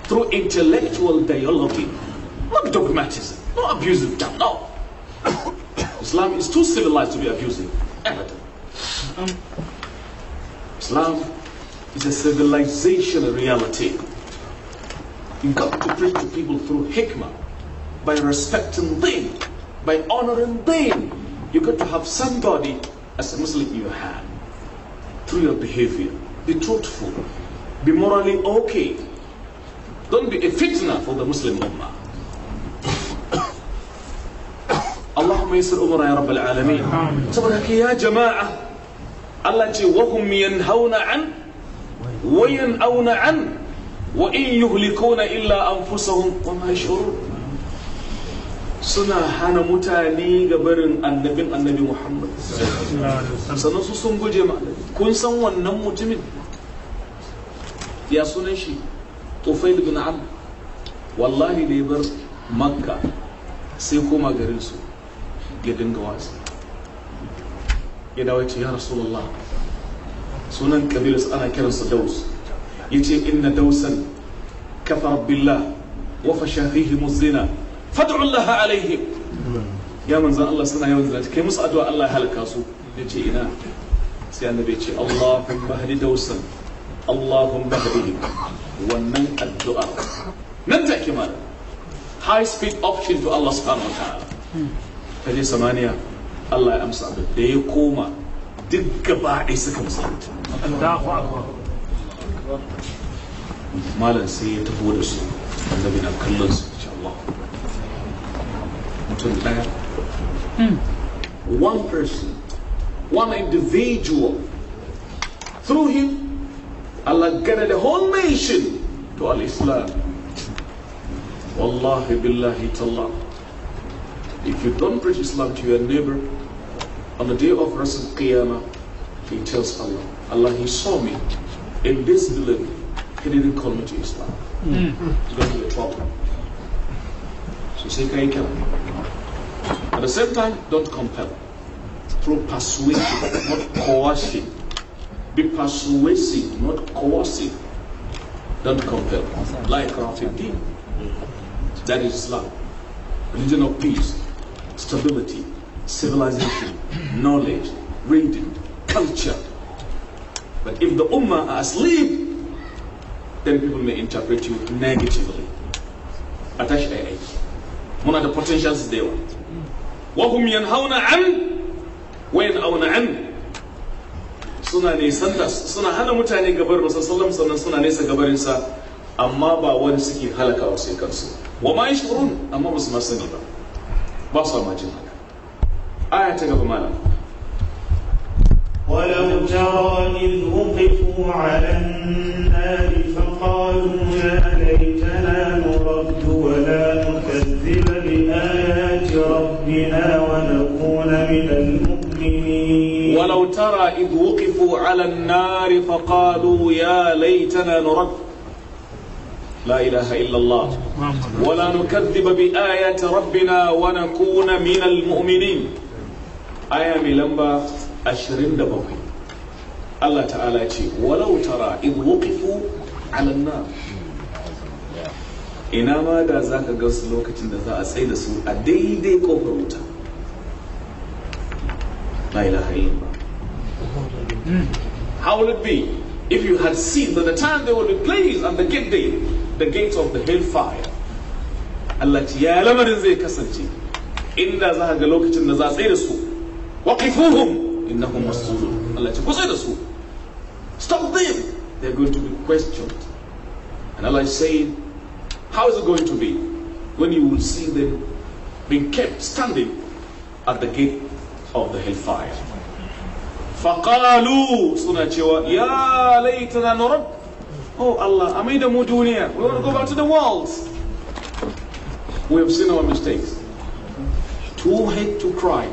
through intellectual dialogue not dogmatism not abusive down no islam is too civilized to be abusive. everything islam is a civilization reality You've got to preach to people through hikmah by respecting them by honoring them, you got to have somebody as a Muslim in your hand. Through your behavior, be truthful, be morally okay. Don't be a fitna for the Muslim Ummah. اللهم يسر أمور يا رب العالمين تبارك يا جماعة التي وهم ينهون عن وينأون عن وإن يهلكون إلا أنفسهم وما يشعرون suna hana mutane ga barin annabin annabi Muhammad sannan su sun guje ma kun san wannan mutumin ya sunan shi Tufail bin Amr wallahi da ya bar Makka sai koma garin su ya dinga wasu ya dawo ce ya Rasulullah sunan kabilis ana kiransa Daus Ya ce inna Dausan kafar billah wa fasha fihi muzina fad'ullaha alaihim ya manzan Allah suna yawan zalunci kai musu addu'a Allah ya halaka su yace ina sai annabi ya Allahumma hadi dausan Allahumma hadi wannan addu'a nan take ma high speed option to Allah subhanahu wa ta'ala kaje samaniya Allah ya amsa abin da ya koma duk gaba suka musulunta Allahu akbar malam sai ya tafi da su annabi na kallon su insha Allah to the Mm. One person, one individual. Through him, Allah guided the whole nation to Al-Islam. Wallahi billahi tallah. If you don't preach Islam to your neighbor, on the day of Rasul Qiyamah, he tells Allah, Allah, he saw me in this village. He didn't call me to Islam. Mm. It's going to be a problem. So say, Kaika. At the same time, don't compel. Through persuasion, not coercion. Be persuasive, not coercive. Don't compel. Like Rafiqin. That is Islam. Religion of peace, stability, civilization, knowledge, reading, culture. But if the ummah are asleep, then people may interpret you negatively. Attach A. One of the potentials is there. وهم ينهون عن وين أو عن سنة نيسان تاس سنة هذا متعني قبر رسول صلى الله عليه وسلم سنة نيسان قبر إنسان أما با ورسكي هلك أو سيكنسو وما يشعرون أما بس ما سنبا بس ما جنبا آية تقف مالا ولو ترى إذ وقفوا على النار فقالوا يا ليتنا نرد ولا نكذب بآيات ربنا ونكون من المؤمنين ولو ترى إذ وقفوا على النار فقالوا يا ليتنا نرد لا إله إلا الله ولا نكذب بآية ربنا ونكون من المؤمنين آية ملمبة أشرين دبوي الله تعالى يقول ولو ترى إذ وقفوا على النار ina ma da ga su lokacin da za a tsaye da su a daidai kofar wuta la ilaha how will it be if you had seen that the time they will be placed on the gate day the gates of the hellfire Allah ce ya lamarin zai kasance inda za ga lokacin da za a tsaye da su waqifuhum innahum mas'ulun Allah ce ku tsaye da su stop them they're going to be questioned and Allah is saying how is it going to be when you will see them being kept standing at the gate of the hellfire? فقالوا suna يَا لَيْتَنَا laitana oh Allah I made a we want to go back to the world we have seen our mistakes too hate to cry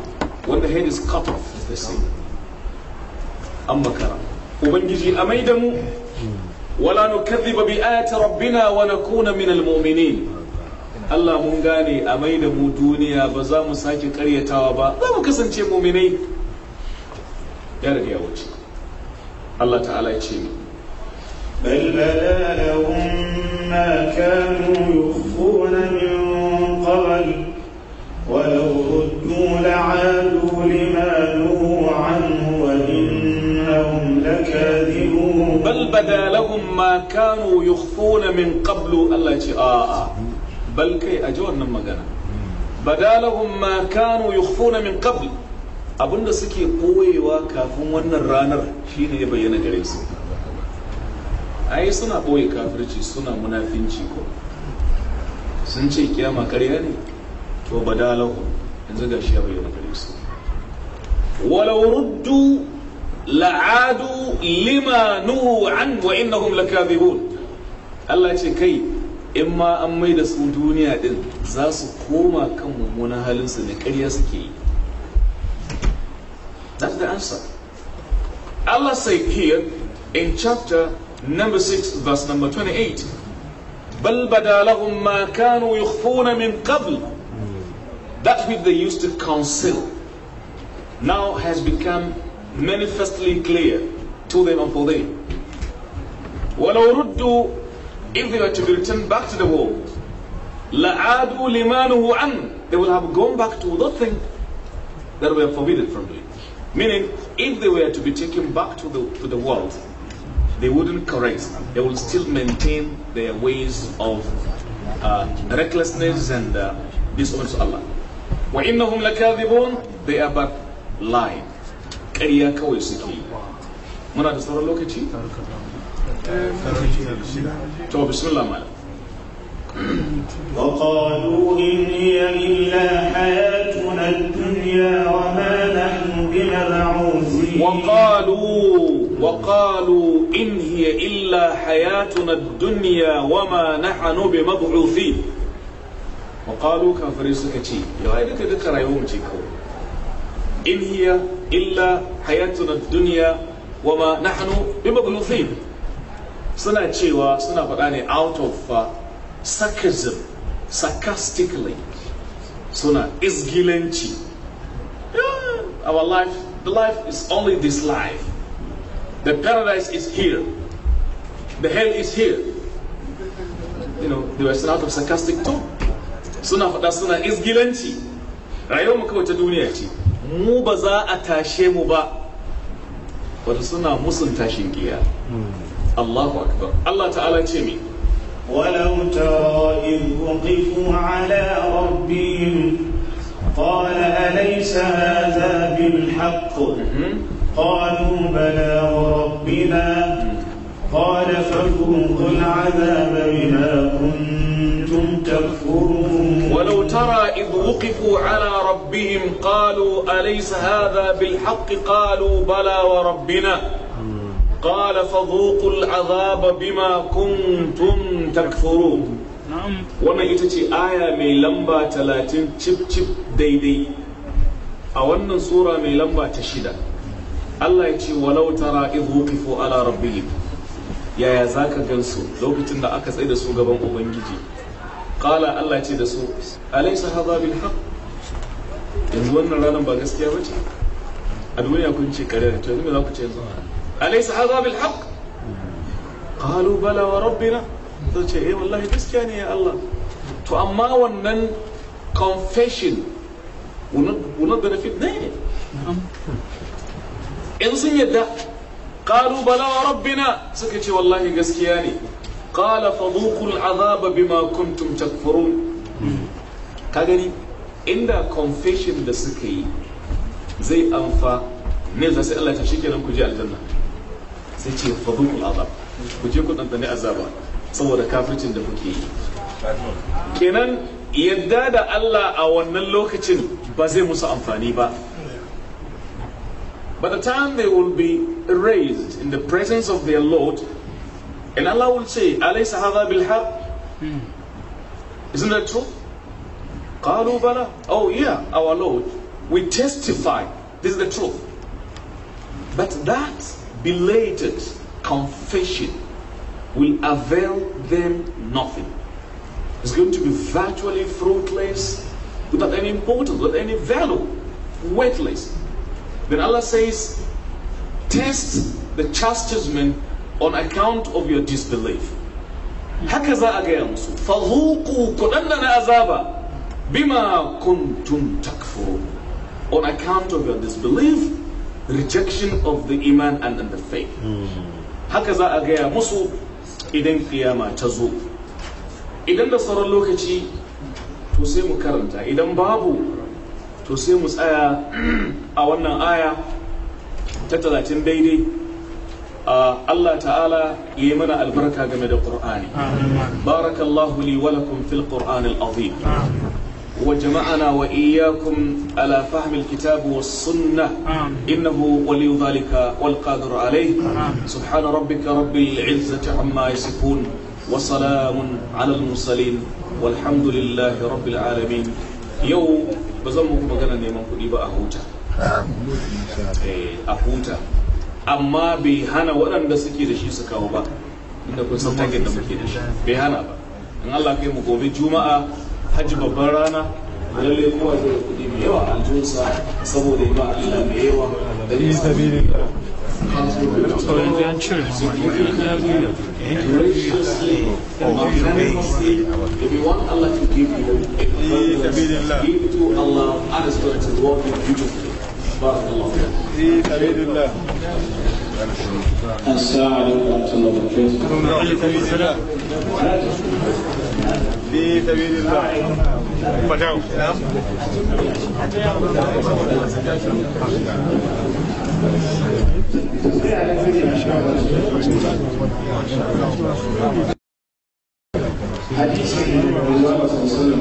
when the head is cut off is the same. amma kara ubangiji a ولا نكذب بآيات ربنا ونكون من المؤمنين الله مونغاني أمين مدونيا بزام ساك كريه توابا لم كسن شيء مؤمنين يا رب يا وجي الله تعالى يشيني بل بلا لهم ما كانوا يخفون من قبل ولو ردوا لعادوا لما نور لكاذبون بل بدا لهم ما كانوا يخفون من قبل الله يجي آآ بل كي أجورنا مغانا بدا لهم ما كانوا يخفون من قبل abinda suke ɓoyewa kafin wannan ranar shine ya bayyana gare su ai suna ɓoye kafirci suna munafinci ko sun ce kiyama karya ne to badalahu yanzu gashi ya bayyana gare su la'adu lima nuhu an wa innahum lakadhibun Allah ce kai in ma an mai da su duniya din za su koma kan mummunan halinsu ne ƙarya suke yi that's the answer Allah say here in chapter number 6 verse number 28 بل بدا ma kanu كانوا يخفون من قبل that which they used to conceal now has become manifestly clear to them and for them. would do If they were to be returned back to the world, لَعَادُوا لِمَانُهُ عَنْ They will have gone back to the thing that were forbidden from doing. Meaning, if they were to be taken back to the, to the world, they wouldn't correct. They will still maintain their ways of uh, recklessness and uh, dishonor to Allah. وَإِنَّهُمْ لَكَاذِبُونَ They are but lying. ƙarya kawai suke yi muna da sauran lokaci to bismillah malam وقالوا إن هي إلا حياتنا الدنيا وما نحن بمبعوثين وقالوا وقالوا إن هي إلا حياتنا الدنيا وما نحن بمبعوثين وقالوا كافرين تشي يا أيدك ذكر يوم تكون in hiya illa hayatuna dunya wa ma nahnu bimablusin suna cewa suna faɗa ne out of uh, sarcasm sarcastically suna isgilanci yeah, our life the life is only this life the paradise is here the hell is here you know they were out of sarcastic tone suna faɗa suna isgilanci rayuwar mu kawai ta duniya ce mu ba za a tashe mu ba wato suna musun tashin giya Allahu akbar Allah ta'ala ce mi ولو ترى إذ وقفوا على ربهم قال أليس هذا بالحق قالوا بلى وربنا قال فذوقوا العذاب بما كنتم كنتم تكفرون ولو ترى إذ وقفوا على ربهم قالوا أليس هذا بالحق قالوا بلى وربنا قال فذوقوا العذاب بما كنتم تكفرون wannan ita ce aya mai lamba talatin cip cip daidai a wannan sura mai lamba ta shida Allah ya ce walau tara idhu ala rabbihim yaya zaka gansu lokacin da aka tsaye da su gaban ubangiji qala Allah ce da su alaysa hadha bil haqq yanzu wannan ranar ba gaskiya bace? a duniya kun ce kare to yanzu me za ku ce yanzu alaysa hadha bil haqq qalu bala wa rabbina to ce eh wallahi gaskiya ne ya Allah to amma wannan confession benefit in sun yadda qalu bala wa rabbina suka ce wallahi gaskiya ne qala fadhuqul azaba bima kuntum takfurun ka gani inda confession da suka yi zai amfa ne za sai Allah ta shi kenan ku je aljanna sai ce fadhuqul azab ku je ku dandane azaba saboda kafircin da kuke yi kenan yadda da Allah a wannan lokacin ba zai musu amfani ba By the time they will be raised in the presence of their Lord, And Allah will say, Alaysa hadha bilhaq? Hmm. Isn't that true? Qalu bala. Oh yeah, our Lord. We testify. This is the truth. But that belated confession will avail them nothing. It's going to be virtually fruitless, without any importance, without any value, weightless. Then Allah says, test the chastisement on account of your disbelief haka za a gaya musu fahuku ku na azaba bima kuntum takfurun on account of your disbelief rejection of the iman and, the faith hmm. haka za a gaya musu idan kiyama ta zo idan da sauran lokaci to sai mu karanta idan babu to sai mu tsaya a wannan aya ta talatin daidai Allah ta'ala ya mana albarka game da Qur'ani barakallahu li wa lakum fil Qur'an al-azim wa jama'ana wa iyyakum ala fahm al-kitab was sunnah innahu waliy dhalika wal qadir alayh subhana rabbika rabbil amma yasifun wa salamun ala al-mursalin walhamdulillahi rabbil alamin yau bazan neman kuɗi ba a huta eh, a huta amma bai hana waɗanda suke da shi su kawo ba inda kun san tagin da muke da shi bai hana ba in Allah kai mu gobe juma'a hajji babban rana lalle kowa zai kuɗi mai yawa aljunsa saboda ima Allah mai yawa da ni sabili Allah to give you give to Allah Allah is going to work في سبيل الله السلام عليكم ورحمه الله وبركاته في سبيل الله في سبيل الله فدعوا حديث النبي صلى الله عليه وسلم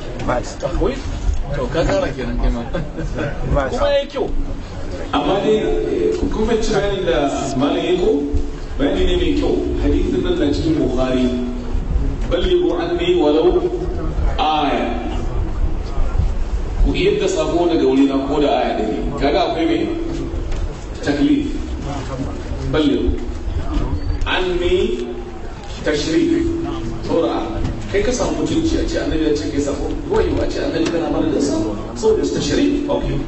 bas takwil to ka kara kenan kai ma bas kuma yayi kyau amma dai kun fahimci bayanin da malam yayi ko bayani ne mai kyau hadisin nan na cikin bukhari walau aya ku yadda sako daga wuri na ko da aya kaga akwai mai taklif ballighu anni tashrik tura kai ka samu mutunci a ce annabi ya ce kai sabo ko yi a ce annabi kana mana madadin sa so da su tashri of him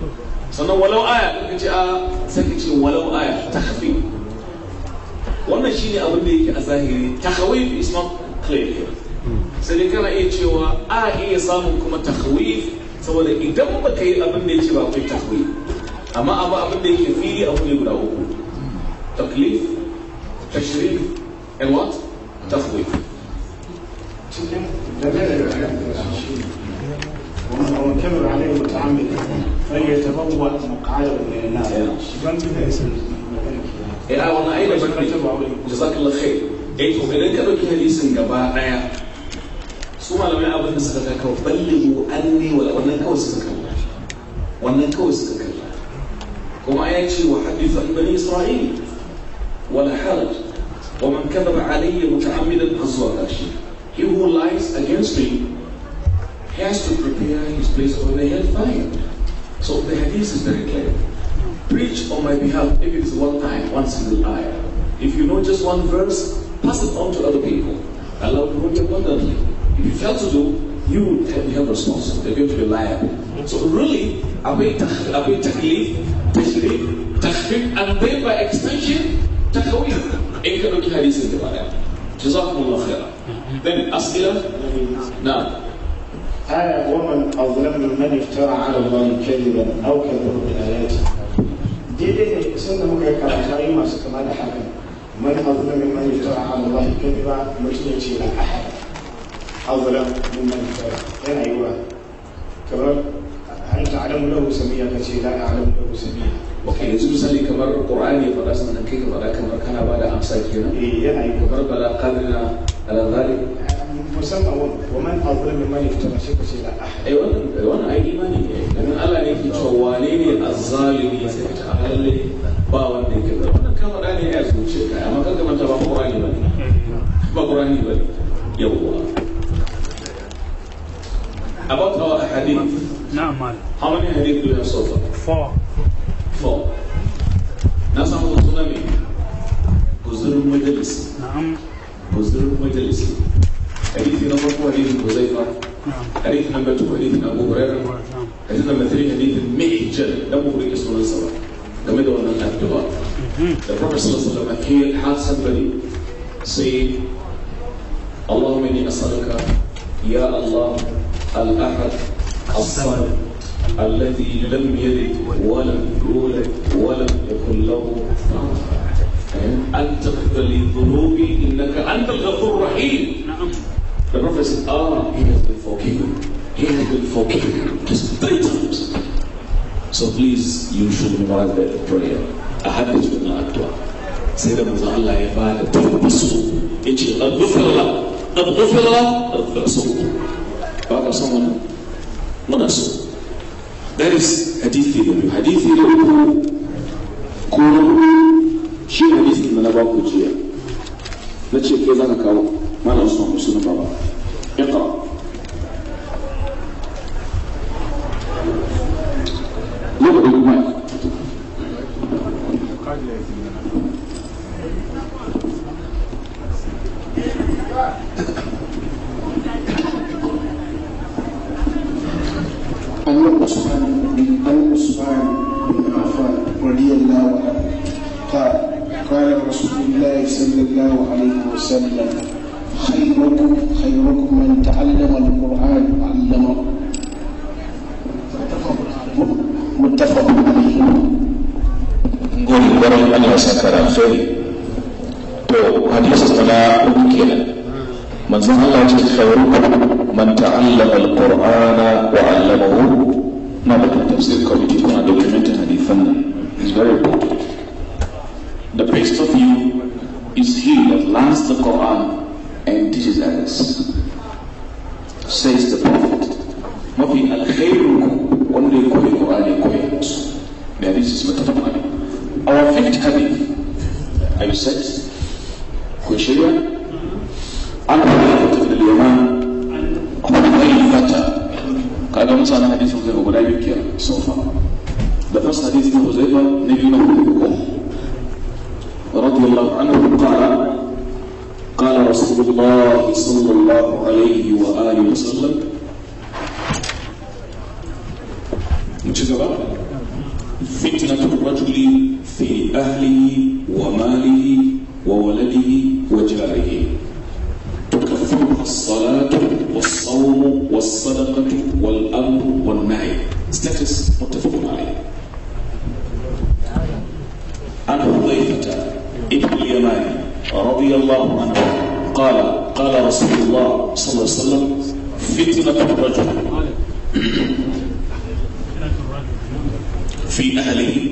sannan walau aya kuka ce a ah, sai ce walau aya ta hafi wannan shine abin da yake a zahiri takhawif is isma clear here sai dai kana iya cewa a iya samun kuma takhawif saboda idan ba baka yi abin da yake ba akwai takhawif amma abu abin da yake fili a ne guda uku taklif tashrif and what takhawif ومن كبر عليه متعمدا فليتبوأ مقعده من النار. ya wannan ai daban ne jazakallahu khair eh to idan ka dauki hadisin gaba daya su malamai abin da suka ta kawo ballighu anni wala wannan kawai suka kalla wannan kawai suka kalla kuma ya ce wa hadithu bani isra'il wala haraj wa man kadhaba alayya muta'ammidan azwa kashi He who lies against me has to prepare his place for the hellfire. So the hadith is very clear. Preach on my behalf if it's one time, one single ayah. If you know just one verse, pass it on to other people. Allah will reward you abundantly. If you fail to do, you will be held responsible. They're going to be liable. So really, away taklif, tashrif, tashfik, and then by extension, takawif. In ka ɗauki hadisin gaba ɗaya. Jazakumullah khairan. من أسئلة؟ نعم. آية ومن أظلم من افترى على الله كذبا أو كذب بآياته. آياته. دي دي سنة مكيكا خيري ما سكما من أظلم من افترى على الله كذبا مجنتي لا أحد. أظلم من من افترى. أنا إيه، أيوة. كمان هل تعلم له سمية كثيرا أعلم له سمية؟ ok yanzu misali kamar qur'ani ya faɗa sannan kai ka faɗa kamar kana ba da amsa kenan eh yana yi kamar bala qadrina ala zalim musamman wa man azlamu man yaftara shi ko sai la eh wannan eh, wannan ai imani ne dan Allah ne ke cewa wane ne azzalimi sai ka ta halalle ba wanda yake da wannan ka faɗa ne a zuciyarka amma kan ka manta ba qur'ani ba ba qur'ani ba yawwa about our hadith na'am how many hadith do you have so far four number two hadithin Abu Hurairah hadith number three hadithin Mi'jan da Bukhari ke sunan sa game da wannan addu'a the Prophet sallallahu alaihi wasallam he had somebody say Allahumma inni as'aluka ya Allah al-ahad as-samad الذي لم يلد ولم يولد ولم يكن له أن تغفر لي ذنوبي إنك أنت الغفور الرحيم. نعم. The prophet said, Ah, he has been forgiven. here for king just three times. So please, you should memorize that prayer. أحدث بنا أتوى سيدنا مزع الله يبال تنبسوا يجي قد غفر الله قد غفر الله قد رسول بعد a من أسوء That is hadith theory. Hadith theory ko shi hadith da na ba ku jiya. Na ce ke za ka kawo malam Usman Musulun Baba. Iqra. للإجماع عن عثمان بن عن عثمان بن عفان رضي الله عنه قال قال رسول الله صلى الله عليه وسلم masa karamfai to hadisi sana uku kenan manzon Allah ce khairu man ta'allama al-qur'ana wa 'allamahu na da tafsir committee kuna documenting hadithan nan is very important the best of you is he that learns the Quran and teaches others says the prophet mafi alkhairu wanda ya koyi Qur'ani ya koyi da hadisi mutafa قال رسول الله صلى الله عليه وسلم فتنة الرجل في أهله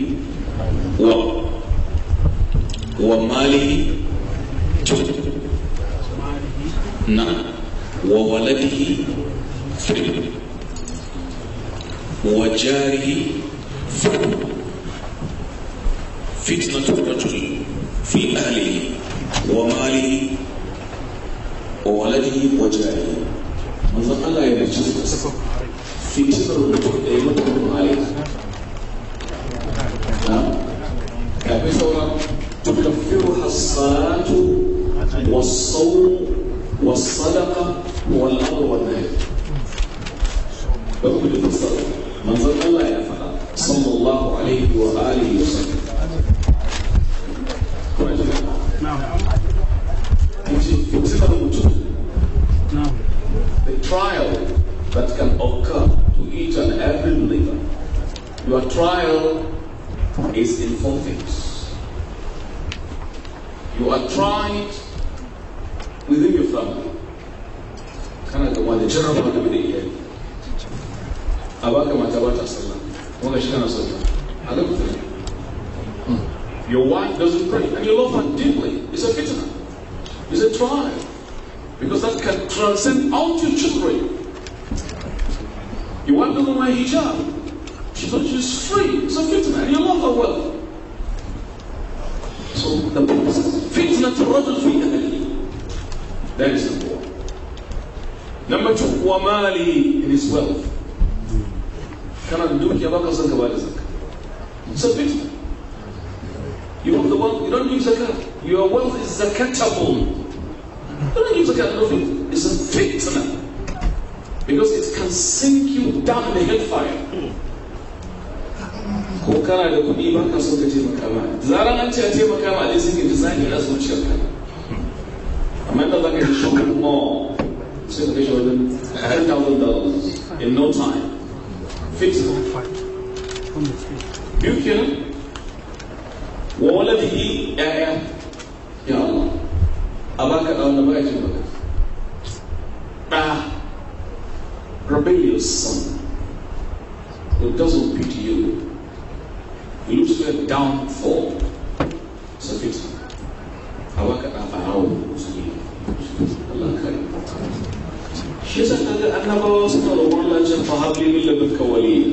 لا جل فهب لي من لدنك ولي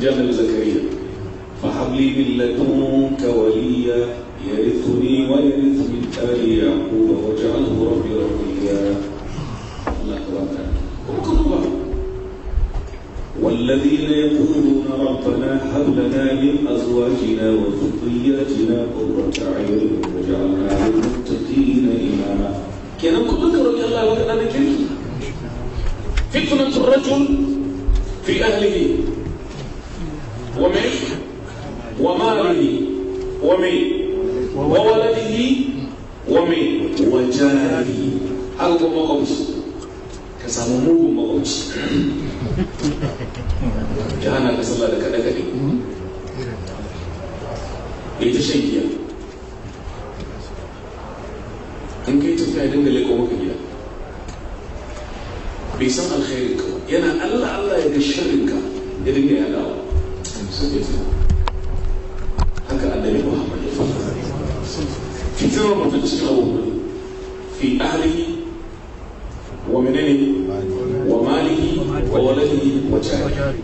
جابر زكريا فهب لي من لدنك وليا يرثني ويرث من آل يعقوب واجعله ربي رضيا الله أكبر والذين يقولون ربنا هب لنا من أزواجنا وذرياتنا قرة أعين وجعلنا للمتقين إماما كنا كلنا رجل الله وإنا نكرهه فتنة الرجل في أهله ومن وماله ومن وولده ومن وجاره هذا هو مغمس كسام موجو مغمس جهانا كسلا لك أدري يتشيكيا إن كنت في عدن لك ومكني bai san alkhairin ka yana Allah Allah ya ga sharrin ka ya dinga yadawa haka annabi Muhammad ya faɗa fitinar mutum cikin abubuwa fi ahlihi wa menene wa malihi wa waladihi wa jari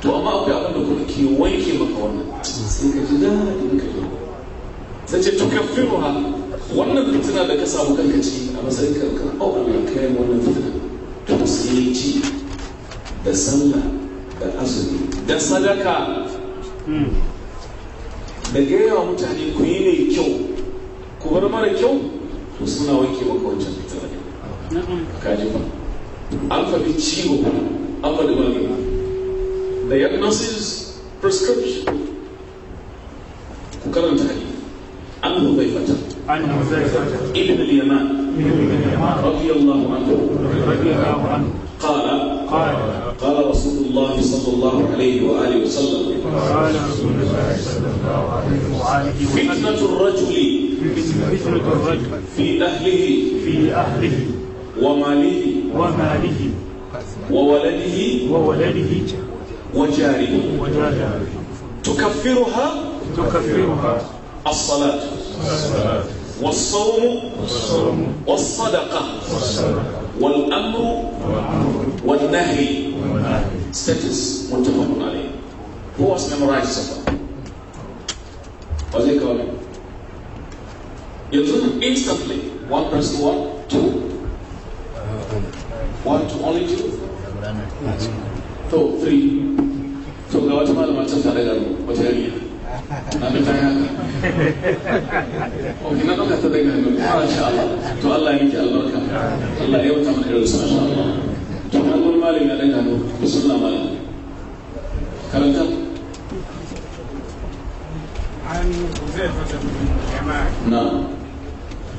to amma akwai abin da kuma ke wanke maka wannan sai ka ji daɗin ka yi sace tukaffiruha wannan fitina da ka samu kanka ciki a matsayin kanka aure mai kayan wannan fitina ta musulunci da sallah da azumi da sadaka hmm. da gaya wa mutane ku yi mai kyau ku bar mara kyau to suna wanke maka wancan fitina ka ji ba an faɗi ciwo an faɗi magana diagnosis prescription ku karanta ne an bai fata عن مزيفة ابن اليمان رضي الله عنه رضي الله عنه قال قال قال رسول الله صلى الله عليه وآله وسلم قال رسول الله صلى الله عليه وآله وسلم فتنة الرجل فتنة الرجل في أهله في أهله وماله وماله وولده وولده وجاره وجاره تكفرها تكفرها الصلاة والصوم والصدقة والأمر والنهي status متفق عليه Who has memorized so far? What's it called? you do instantly. One person, one, two. One, two, only two. So, three. So, Gawatma, the Matan Tadagar, what area? Oke, na ɗauka ta daga hannun fara insha Allah. To Allah ya miki albarka. Allah ya wata maka irin sa insha Allah. To an gurin malami ya daga hannu, bismillah malam. Karanta. عن حذيفة بن اليمان نعم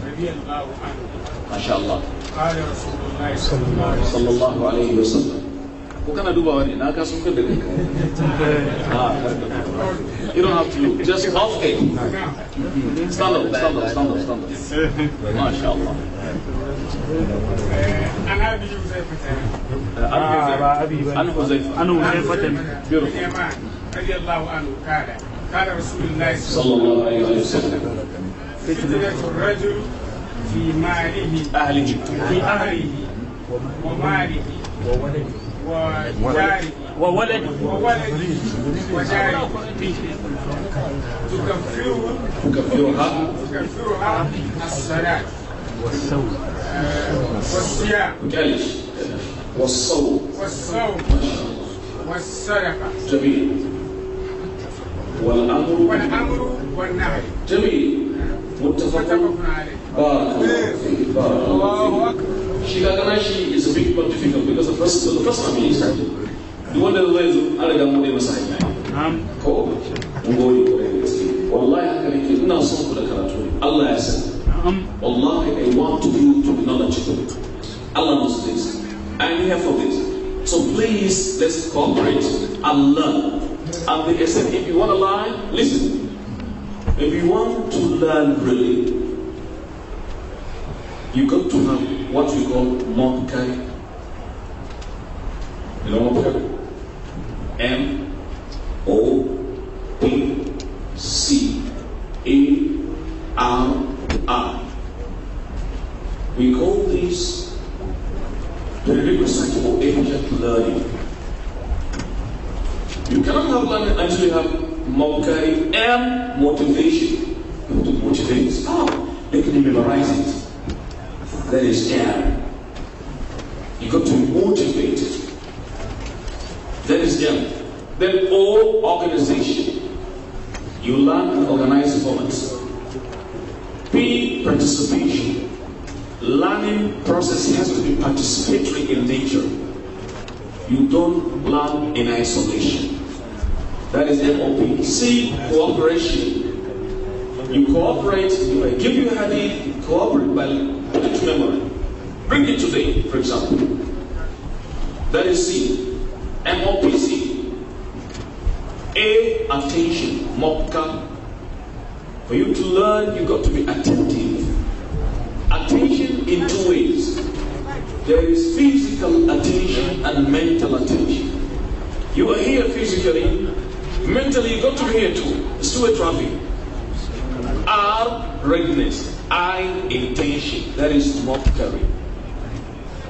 رضي الله عنه ما شاء الله قال رسول الله صلى الله عليه وسلم ko kana dubawa ne na ka sun kan da you don't have to look just half a stand up stand up stand up stand up ما شاء الله عن ابي حذيفه عن حذيفه عن آه، حذيفه رضي الله عنه قال قال رسول الله صلى الله عليه وسلم فتنة الرجل في ماله أهله في أهله وماله وولده وجار وولد وولد وولد تكفرها الصلاة والصوم والصيام والصوم والصوم والصدقة جميل والأمر والأمر والنهي جميل متفق عليه بارك الله فيك بارك الله أكبر shi is a big pontifical because the first, so the first time is used um, to duk wanda zai zo an riga mu dai masa hanya ko mun gode ko da gaske wallahi haka nake ina son ku da karatu ne Allah ya san um, wallahi i want to you to be knowledgeable Allah knows this i'm here for this so please let's cooperate and learn and they said if you want to learn, listen if you want to learn really you got to have what we call Mokai. You know what M O P C A R R. We call this the prerequisite for ancient learning. You cannot have learning until you have Mokai and motivation. to motivate. How? Oh, they can memorize it that is down. You've got to motivate it. That is down. Then all organization, you learn and organize performance. P, participation. Learning process has to be participatory in nature. You don't learn in isolation. That is MOP. C, cooperation. You cooperate, you give you a cooperate by to memory. Bring it today, for example. That is O P C. A Attention. Mokka. For you to learn, you've got to be attentive. Attention in two ways. There is physical attention and mental attention. You are here physically, mentally you've got to be here too. It's two-way traffic our readiness. our intention. That is mockery.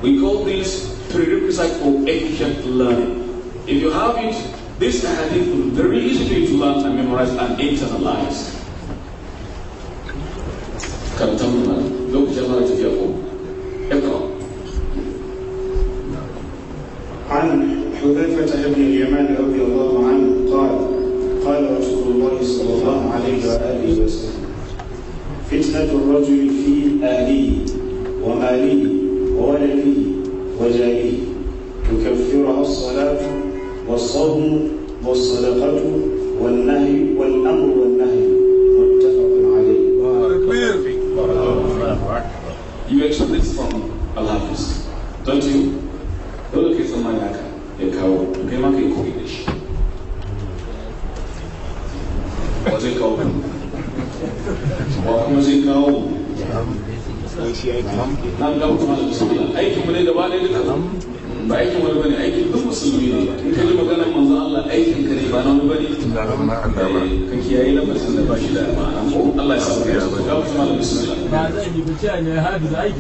We call this prerequisite for efficient learning. If you have it, this hadith will be very easy for you to learn and memorize and internalize. عن حذيفة بن اليمان رضي الله عنه قال قال رسول الله صلى الله عليه وآله وسلم فتنة الرجل في أهله وماله وولده وجاهه تكفرها الصلاة والصوم والصدقة والنهي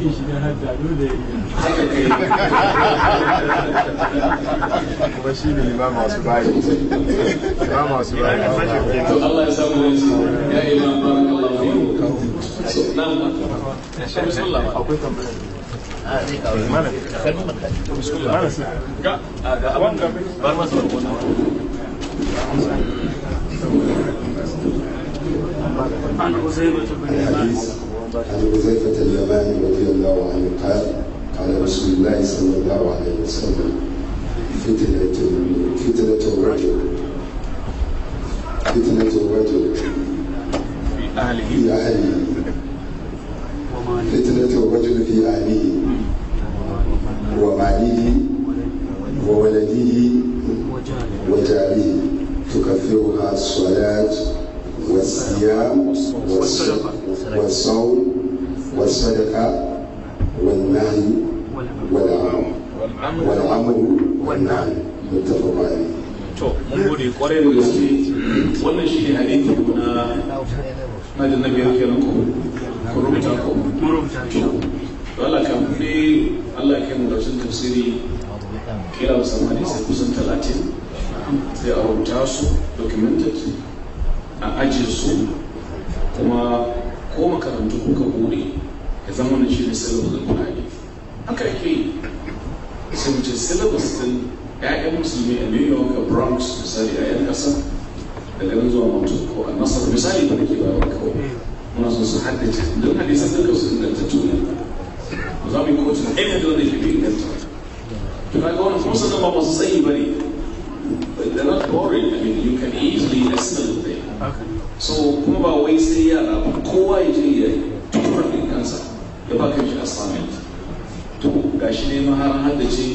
kuma shi ne imam masu bayi imam masu bayi Allah ya samu wani ya imam barakallahu fi na'am akwai tambaya mana mana sai ga ga abin bar masa rubuta عن عزيمة بن عباس عن حذيفة اليماني رضي الله عنه قال قال رسول الله صلى الله عليه وسلم فتنة فتنة الرجل فتنة الرجل في أهله في أهله boring I mean you can easily assimilate okay. so kuma ba wai sai yara kowa ya je ya tukurar din kansa ya ba kan shi assignment to shi ne ma har ce,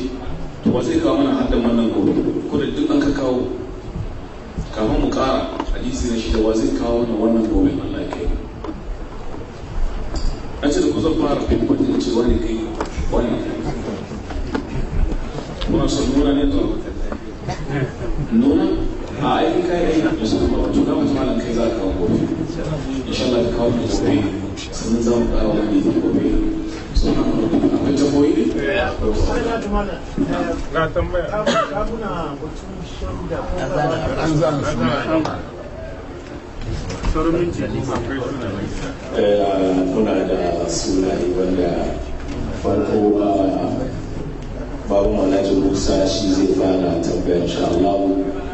to ba zai kawo mana haddan wannan gobe ko da duk an ka kawo kafin mu kara hadisi na shida wa zai kawo mana wannan gobe Allah kai an ce da ku fara fimfa da ce wani kai wani kai kuna son nuna ne to nuna a ai kai aiki da su ba to ga mutum malam kai za ka kawo gobe insha Allah ka kawo gobe wani da gobe sunan akwai tamboyi ne ga tambaya ka muna batun shaida an zan muna da sunaye wanda farko ah, babu malaji musa shi zai fara tambayar insha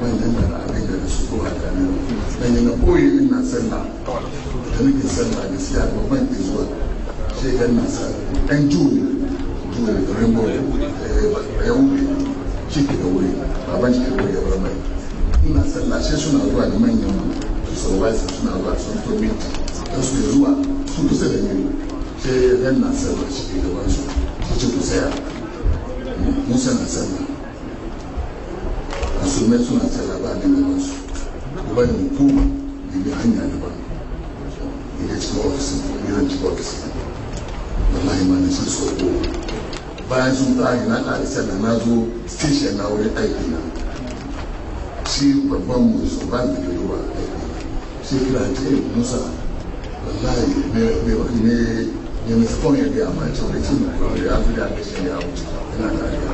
manyan da na kai su ko a kanin dan yana koyi din na sallah da nake sallah ba babban ke zuwa sai gan na sallah dan juri juri da rainbow eh, ya wuce shi ke da wuri baban shi ke wuri ya bar mai ina sallah sai suna zuwa da manyan sauransu suna zuwa sun to minti da su zuwa su kusa da ni sai gan na sallah shi ke gaban su ce ku tsaya musa na sallah musulmai suna tallaba da nemansu wani kuma da hanya daban ya cikin ofisin iran cikin ofisin wallahi ma na shi tsoro bayan sun tsari na ƙari sannan na zo station na wurin aiki na shi babban mu su ba da ke ruwa aiki shi kira ce musa wallahi ne ne miskon ya biya ma cewa da cin da ya fi da ake shi ya wuce ina kariya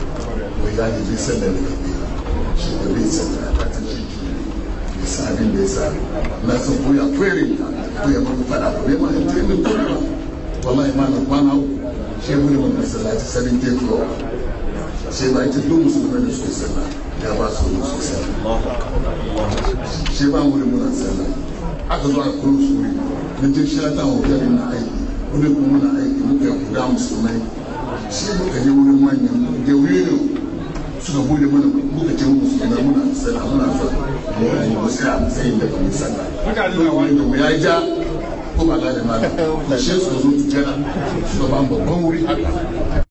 wai ya ji sannan da ke she released gratitude to serving this lesson we are praying we are going to find out we are going to train the program wallahi man of one hour she will even miss the light seven day floor she might do musulmi ní sùn sẹ́nà ní a bá sùn ní sùn sẹ́nà she bá ń wọlé mu náà sẹ́nà a kò tó a kúrò sùn yìí ní tí ṣe àtàwọn òbí ẹni náà ayé ó lè kún mu náà ayé kí mo kẹ́ kú dá musulmi ṣé mo kẹ́ ní wọlé mu ayé mo kẹ́ wọlé yìí o. suka bude mana muka ce mu suna muna sallah muna sallah mu yi mu sai a sai da mu sallah haka ne wani da mu ya ja ko ba da malam shi su zo jana su ba babban wuri haka